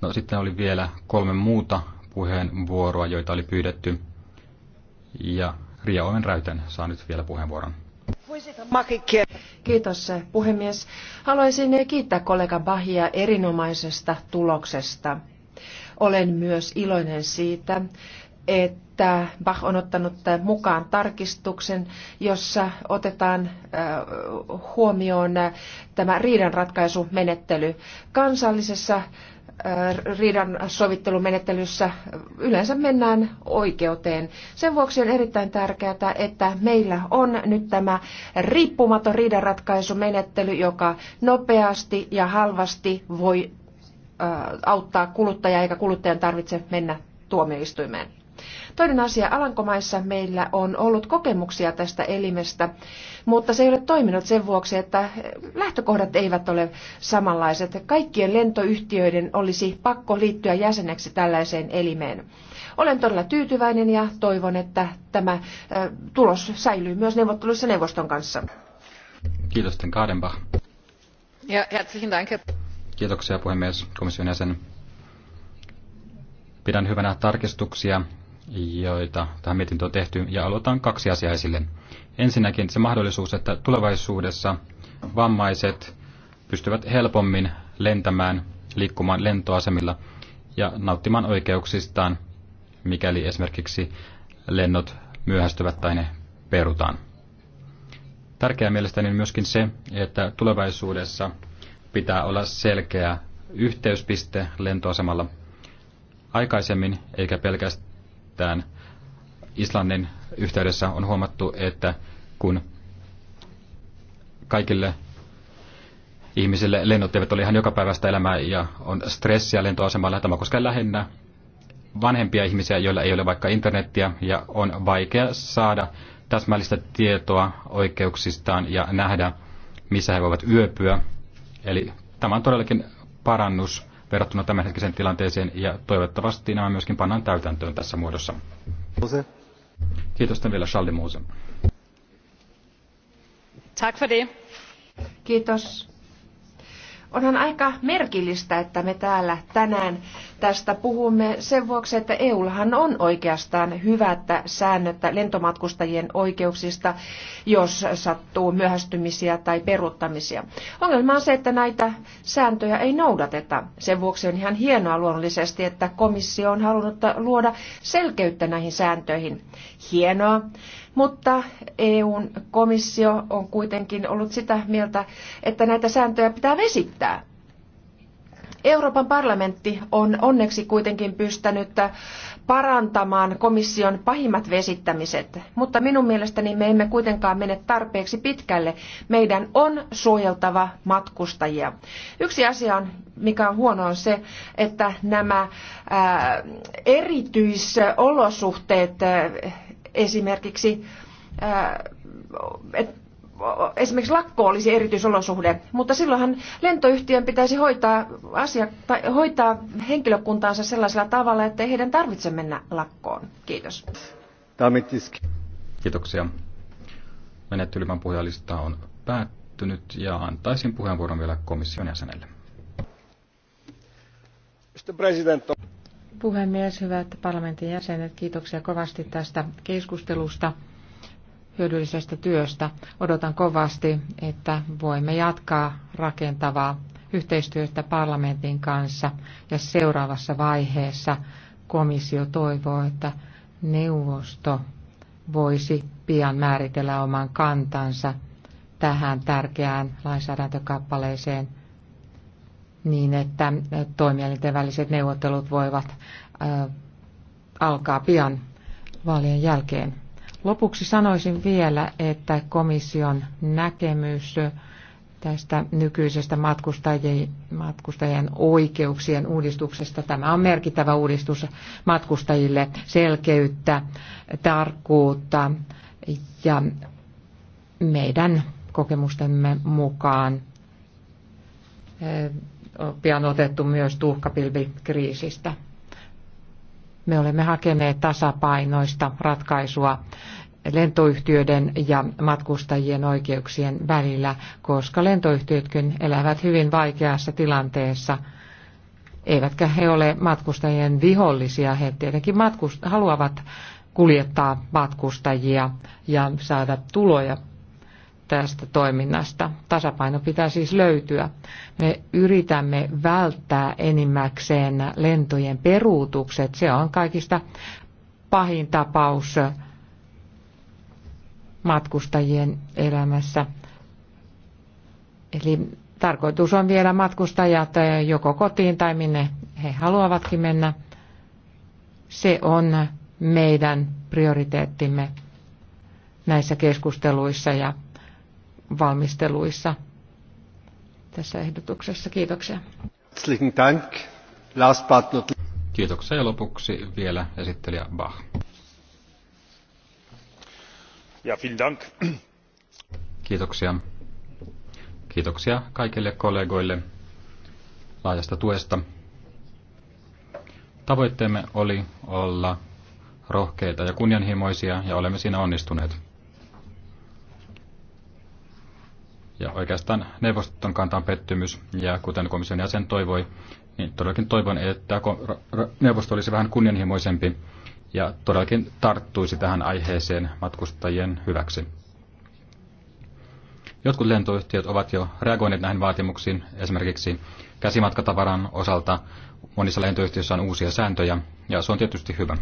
No, sitten oli vielä kolme muuta puheenvuoroa, joita oli pyydetty. Ja Ria Oven Räyten saa nyt vielä puheenvuoron. Kiitos puhemies. Haluaisin kiittää kollega Bahia erinomaisesta tuloksesta. Olen myös iloinen siitä, että Bach on ottanut mukaan tarkistuksen, jossa otetaan äh, huomioon äh, tämä riidanratkaisumenettely. Kansallisessa riidan sovittelumenettelyssä yleensä mennään oikeuteen. Sen vuoksi on erittäin tärkeää, että meillä on nyt tämä riippumaton riidanratkaisumenettely, joka nopeasti ja halvasti voi auttaa kuluttajaa, eikä kuluttajan tarvitse mennä tuomioistuimeen. Toinen asia, Alankomaissa meillä on ollut kokemuksia tästä elimestä, mutta se ei ole toiminut sen vuoksi, että lähtökohdat eivät ole samanlaiset. Kaikkien lentoyhtiöiden olisi pakko liittyä jäseneksi tällaiseen elimeen. Olen todella tyytyväinen ja toivon, että tämä tulos säilyy myös neuvotteluissa neuvoston kanssa. Kiitos, Ten Kaadenbach. Ja herzlichen Dank. Kiitoksia puhemies, komission jäsen. Pidän hyvänä tarkistuksia, joita tähän mietintöön on tehty, ja aloitan kaksi asiaa esille. Ensinnäkin se mahdollisuus, että tulevaisuudessa vammaiset pystyvät helpommin lentämään, liikkumaan lentoasemilla ja nauttimaan oikeuksistaan, mikäli esimerkiksi lennot myöhästyvät tai ne perutaan. Tärkeää mielestäni on myöskin se, että tulevaisuudessa pitää olla selkeä yhteyspiste lentoasemalla aikaisemmin, eikä pelkästään nimittäin Islannin yhteydessä on huomattu, että kun kaikille ihmisille lennot eivät ole ihan jokapäiväistä elämää ja on stressiä lentoasemalla. Tämä koskee lähinnä vanhempia ihmisiä, joilla ei ole vaikka internettiä ja on vaikea saada täsmällistä tietoa oikeuksistaan ja nähdä, missä he voivat yöpyä. Eli tämä on todellakin parannus verrattuna tämänhetkiseen tilanteeseen ja toivottavasti nämä myöskin pannaan täytäntöön tässä muodossa. Mose. Kiitos sitten vielä Charlie Mose. Tack för det. Kiitos. Onhan aika merkillistä, että me täällä tänään tästä puhumme sen vuoksi, että EUllahan on oikeastaan hyvät säännöt lentomatkustajien oikeuksista, jos sattuu myöhästymisiä tai peruuttamisia. Ongelma on se, että näitä sääntöjä ei noudateta. Sen vuoksi on ihan hienoa luonnollisesti, että komissio on halunnut luoda selkeyttä näihin sääntöihin. Hienoa, mutta EUn komissio on kuitenkin ollut sitä mieltä, että näitä sääntöjä pitää vesittää. Euroopan parlamentti on onneksi kuitenkin pystynyt parantamaan komission pahimmat vesittämiset, mutta minun mielestäni me emme kuitenkaan mene tarpeeksi pitkälle. Meidän on suojeltava matkustajia. Yksi asia, on, mikä on huono, on se, että nämä ää, erityisolosuhteet esimerkiksi, äh, et, esimerkiksi lakko olisi erityisolosuhde, mutta silloinhan lentoyhtiön pitäisi hoitaa, asia, tai hoitaa henkilökuntaansa sellaisella tavalla, että heidän tarvitse mennä lakkoon. Kiitos. Kiitoksia. Menettelymän puhujalista on päättynyt ja antaisin puheenvuoron vielä komission jäsenelle. Mr. President puhemies, hyvät parlamentin jäsenet, kiitoksia kovasti tästä keskustelusta, hyödyllisestä työstä. Odotan kovasti, että voimme jatkaa rakentavaa yhteistyötä parlamentin kanssa ja seuraavassa vaiheessa komissio toivoo, että neuvosto voisi pian määritellä oman kantansa tähän tärkeään lainsäädäntökappaleeseen – niin, että toimielinten väliset neuvottelut voivat alkaa pian vaalien jälkeen. Lopuksi sanoisin vielä, että komission näkemys tästä nykyisestä matkustajien, matkustajien oikeuksien uudistuksesta. Tämä on merkittävä uudistus matkustajille selkeyttä, tarkkuutta ja meidän kokemustemme mukaan pian otettu myös tuhkapilvikriisistä. Me olemme hakeneet tasapainoista ratkaisua lentoyhtiöiden ja matkustajien oikeuksien välillä, koska lentoyhtiötkin elävät hyvin vaikeassa tilanteessa. Eivätkä he ole matkustajien vihollisia, he tietenkin matkust- haluavat kuljettaa matkustajia ja saada tuloja tästä toiminnasta. Tasapaino pitää siis löytyä. Me yritämme välttää enimmäkseen lentojen peruutukset. Se on kaikista pahin tapaus matkustajien elämässä. Eli tarkoitus on viedä matkustajat eh, joko kotiin tai minne he haluavatkin mennä. Se on meidän prioriteettimme näissä keskusteluissa ja valmisteluissa tässä ehdotuksessa. Kiitoksia. Kiitoksia ja lopuksi vielä esittelijä Bach. Ja, vielen Dank. Kiitoksia. Kiitoksia kaikille kollegoille laajasta tuesta. Tavoitteemme oli olla rohkeita ja kunnianhimoisia ja olemme siinä onnistuneet. Ja oikeastaan neuvoston kanta on pettymys, ja kuten komission jäsen toivoi, niin todellakin toivon, että neuvosto olisi vähän kunnianhimoisempi ja todellakin tarttuisi tähän aiheeseen matkustajien hyväksi. Jotkut lentoyhtiöt ovat jo reagoineet näihin vaatimuksiin, esimerkiksi käsimatkatavaran osalta monissa lentoyhtiöissä on uusia sääntöjä, ja se on tietysti hyvä.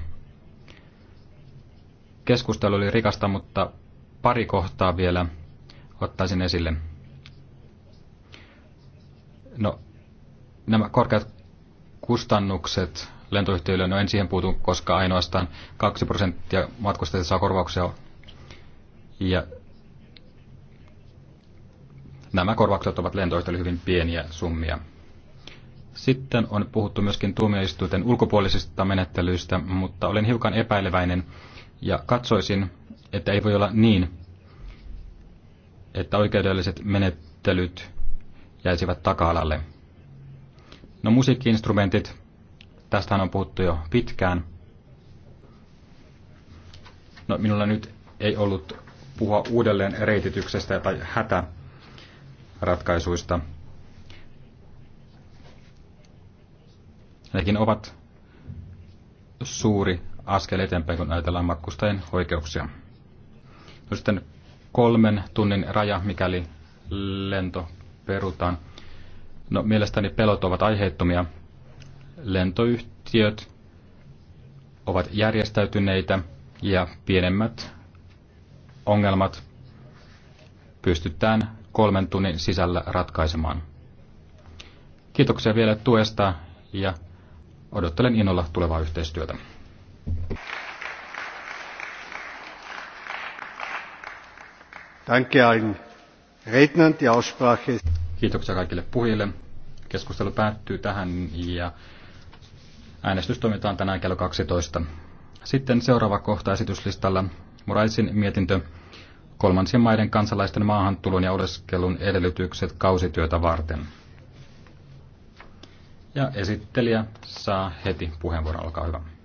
Keskustelu oli rikasta, mutta pari kohtaa vielä ottaisin esille. No, nämä korkeat kustannukset lentoyhtiöille, no en siihen puutu, koska ainoastaan 2 prosenttia matkustajista saa korvauksia. Ja nämä korvaukset ovat lentoyhtiöille hyvin pieniä summia. Sitten on puhuttu myöskin tuomioistuinten ulkopuolisista menettelyistä, mutta olen hiukan epäileväinen ja katsoisin, että ei voi olla niin, että oikeudelliset menettelyt jäisivät taka-alalle. No musiikkiinstrumentit, tästähän on puhuttu jo pitkään. No minulla nyt ei ollut puhua uudelleen reitityksestä tai hätäratkaisuista. Nekin ovat suuri askel eteenpäin, kun ajatellaan matkustajien oikeuksia. No sitten kolmen tunnin raja, mikäli lento perutaan. No, mielestäni pelot ovat aiheettomia. Lentoyhtiöt ovat järjestäytyneitä ja pienemmät ongelmat pystytään kolmen tunnin sisällä ratkaisemaan. Kiitoksia vielä tuesta ja odottelen innolla tulevaa yhteistyötä. Danke Kiitoksia kaikille puhujille. Keskustelu päättyy tähän ja äänestys toimitaan tänään kello 12. Sitten seuraava kohta esityslistalla Moraisin mietintö kolmansien maiden kansalaisten maahantulon ja oleskelun edellytykset kausityötä varten. Ja esittelijä saa heti puheenvuoron, olkaa hyvä.